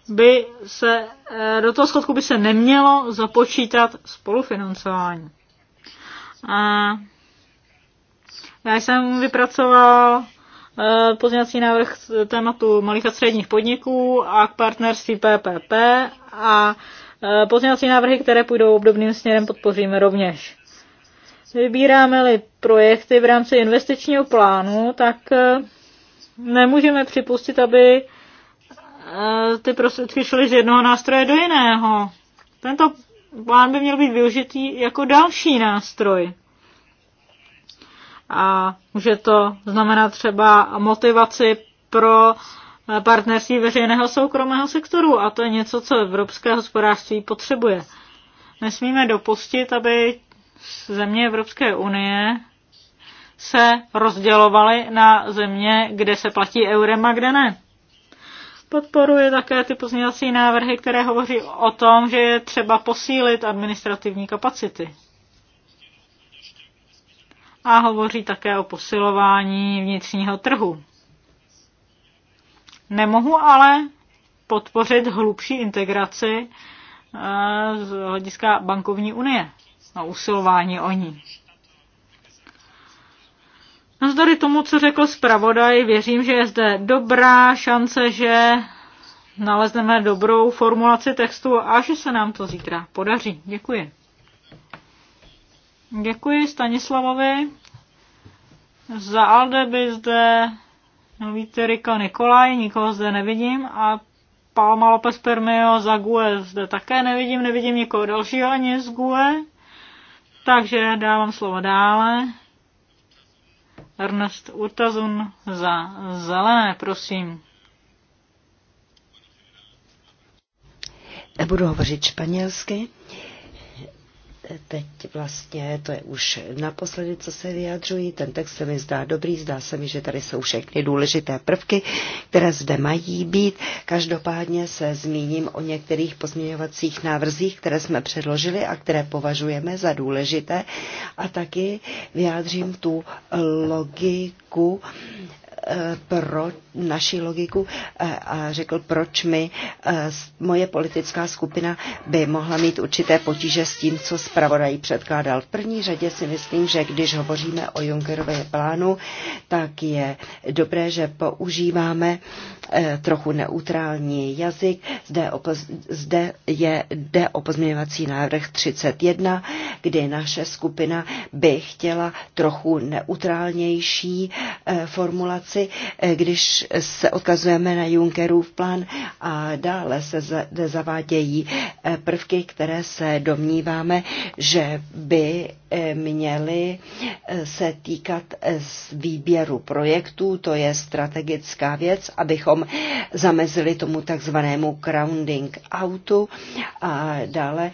by se, eh, do toho schodku by se nemělo započítat spolufinancování. A já jsem vypracoval eh, pozměňovací návrh tématu malých a středních podniků a k partnerství PPP a eh, pozměňovací návrhy, které půjdou obdobným směrem, podpoříme rovněž. Vybíráme-li projekty v rámci investičního plánu, tak Nemůžeme připustit, aby eh, ty prostředky šly z jednoho nástroje do jiného. Tento plán by měl být využitý jako další nástroj. A může to znamenat třeba motivaci pro eh, partnerství veřejného soukromého sektoru a to je něco, co evropské hospodářství potřebuje. Nesmíme dopustit, aby země Evropské unie se rozdělovaly na země, kde se platí eurem a kde ne. Podporuje také ty pozměňovací návrhy, které hovoří o tom, že je třeba posílit administrativní kapacity. A hovoří také o posilování vnitřního trhu. Nemohu ale podpořit hlubší integraci eh, z hlediska bankovní unie a usilování o ní. Navzdory tomu, co řekl zpravodaj, věřím, že je zde dobrá šance, že nalezneme dobrou formulaci textu a že se nám to zítra podaří. Děkuji. Děkuji Stanislavovi. Za Alde by zde novíte Rika Nikolaj, nikoho zde nevidím a Palma Lopez Permio za GUE zde také nevidím, nevidím nikoho dalšího ani z GUE. Takže dávám slovo dále. Ernest Urtazun za zelené, prosím. Budu hovořit španělsky. Teď vlastně to je už naposledy, co se vyjadřují. Ten text se mi zdá dobrý, zdá se mi, že tady jsou všechny důležité prvky, které zde mají být. Každopádně se zmíním o některých pozměňovacích návrzích, které jsme předložili a které považujeme za důležité. A taky vyjádřím tu logiku, eh, proč naší logiku eh, a řekl, proč mi eh, moje politická skupina by mohla mít určité potíže s tím, co zpravodají předkládal. V první řadě si myslím, že když hovoříme o Junckerově plánu, tak je dobré, že používáme eh, trochu neutrální jazyk. Zde, opoz, zde je, jde o pozměňovací návrh 31, kdy naše skupina by chtěla trochu neutrálnější formulaci, když se odkazujeme na Junckerův plán a dále se zavádějí eh, prvky, které se domníváme, že by eh, měly eh, se týkat z výběru projektů, to je strategická věc, abychom zamezili tomu takzvanému crowding outu a dále,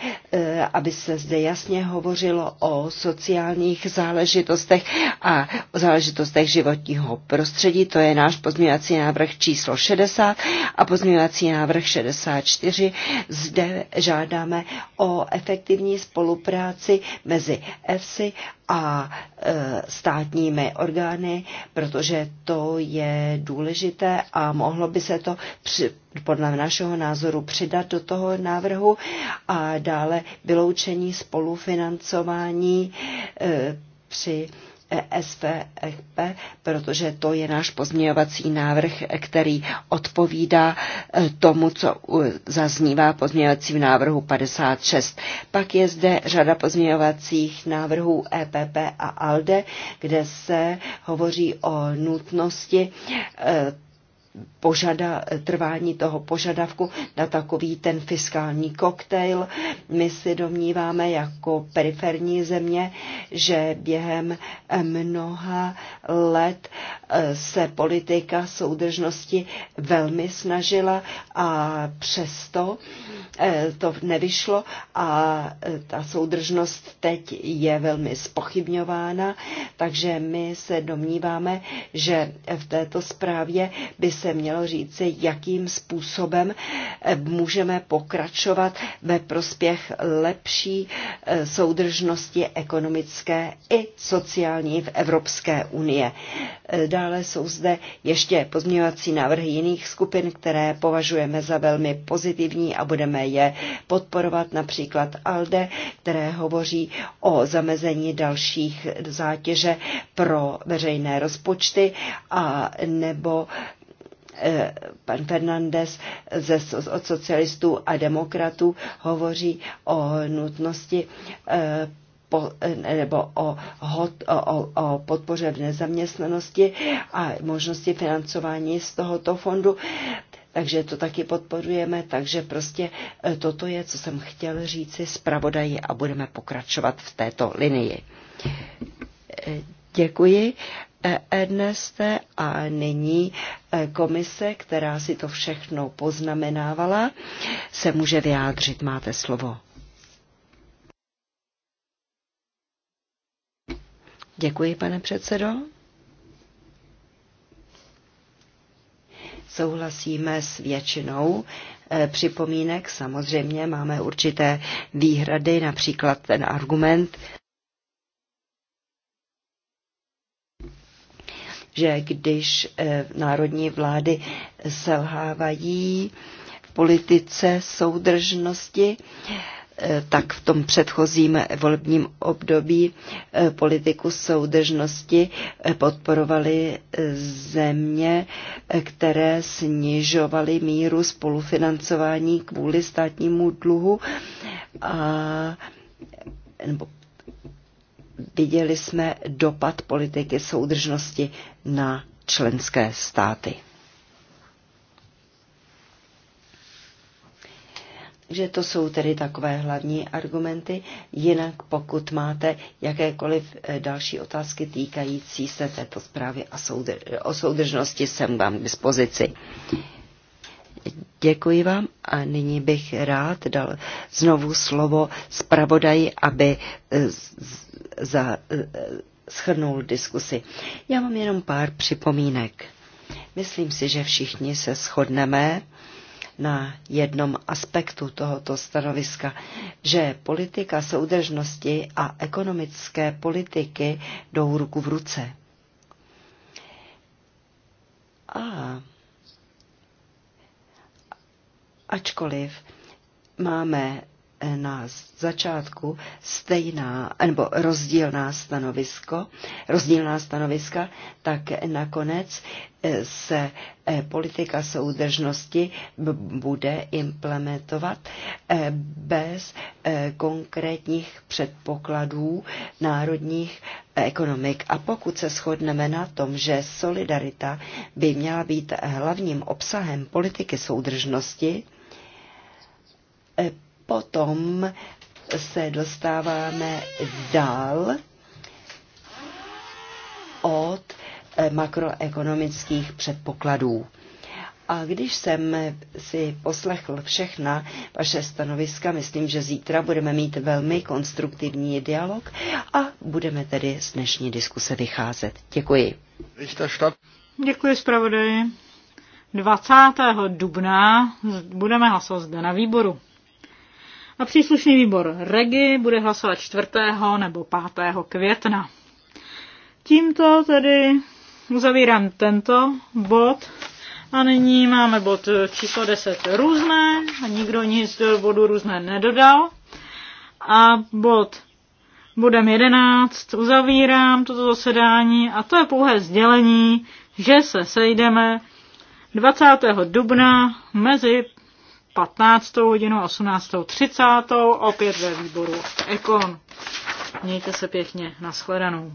aby se zde jasně hovořilo o sociálních záležitostech a o záležitostech životního prostředí. To je náš pozměňovací pozměňovací návrh číslo 60 a pozměňovací návrh 64. Zde žádáme o efektivní spolupráci mezi EFSI a e, státními orgány, protože to je důležité a mohlo by se to při, podle našeho názoru přidat do toho návrhu a dále vyloučení spolufinancování e, při E SVP, protože to je náš pozměňovací návrh, který odpovídá e, tomu, co zaznívá v návrhu 56. Pak je zde řada pozměňovacích návrhů EPP a ALDE, kde se hovoří o nutnosti e, požada, trvání toho požadavku na takový ten fiskální koktejl. My si domníváme jako periferní země, že během mnoha let eh, se politika soudržnosti velmi snažila a přesto eh, to nevyšlo a eh, ta soudržnost teď je velmi spochybňována, takže my se domníváme, že v této zprávě by se se mělo říci, jakým způsobem eh, můžeme pokračovat ve prospěch lepší eh, soudržnosti ekonomické i sociální v Evropské unie. Eh, dále jsou zde ještě pozměňovací návrhy jiných skupin, které považujeme za velmi pozitivní a budeme je podporovat, například ALDE, které hovoří o zamezení dalších zátěže pro veřejné rozpočty a nebo Eh, pan Fernandez ze, od socialistů a demokratů hovoří o nutnosti eh, po, eh, nebo o, hot, o, o podpoře v nezaměstnanosti a možnosti financování z tohoto fondu. Takže to taky podporujeme, takže prostě toto je, co jsem chtěl říci zpravodaji a budeme pokračovat v této linii. Děkuji Erneste e a nyní e, komise, která si to všechno poznamenávala, se může vyjádřit. Máte slovo. Děkuji, pane předsedo. Souhlasíme s většinou e, připomínek. Samozřejmě máme určité výhrady, například ten argument, že když eh, národní vlády selhávají v politice soudržnosti, eh, tak v tom předchozím volebním období eh, politiku soudržnosti podporovaly země, které snižovaly míru spolufinancování kvůli státnímu dluhu a nebo viděli jsme dopad politiky soudržnosti na členské státy. že to jsou tedy takové hlavní argumenty. Jinak pokud máte jakékoliv eh, další otázky týkající se této zprávy a soudr- o soudržnosti, jsem vám k dispozici. Děkuji vám a nyní bych rád dal znovu slovo zpravodaji, aby eh, za, eh, schrnul diskusi. Já mám jenom pár připomínek. Myslím si, že všichni se shodneme na jednom aspektu tohoto stanoviska, že politika soudržnosti a ekonomické politiky jdou ruku v ruce. A ačkoliv máme eh, na začátku stejná nebo rozdílná stanovisko, rozdílná stanoviska, tak nakonec eh, se eh, politika soudržnosti bude implementovat bez konkrétních předpokladů národních ekonomik. A pokud se shodneme na tom, že solidarita by měla být hlavním obsahem politiky soudržnosti, E, potom se dostáváme dál od e, makroekonomických předpokladů. A když jsem si poslechl všechna vaše stanoviska, myslím, že zítra budeme mít velmi konstruktivní dialog a budeme tedy z dnešní diskuse vycházet. Děkuji. Děkuji zpravodaji. 20. dubna budeme hlasovat zde na výboru. A příslušný výbor Regi bude hlasovat 4. nebo 5. května. Tímto tedy uzavírám tento bod. A nyní máme bod číslo 10 různé a nikdo nic do bodu různé nedodal. A bod bodem 11 uzavírám toto zasedání a to je pouhé sdělení, že se sejdeme 20. dubna mezi 15. hodinu, 18.30, opět ve výboru Ekon. Mějte se pěkně, nashledanou.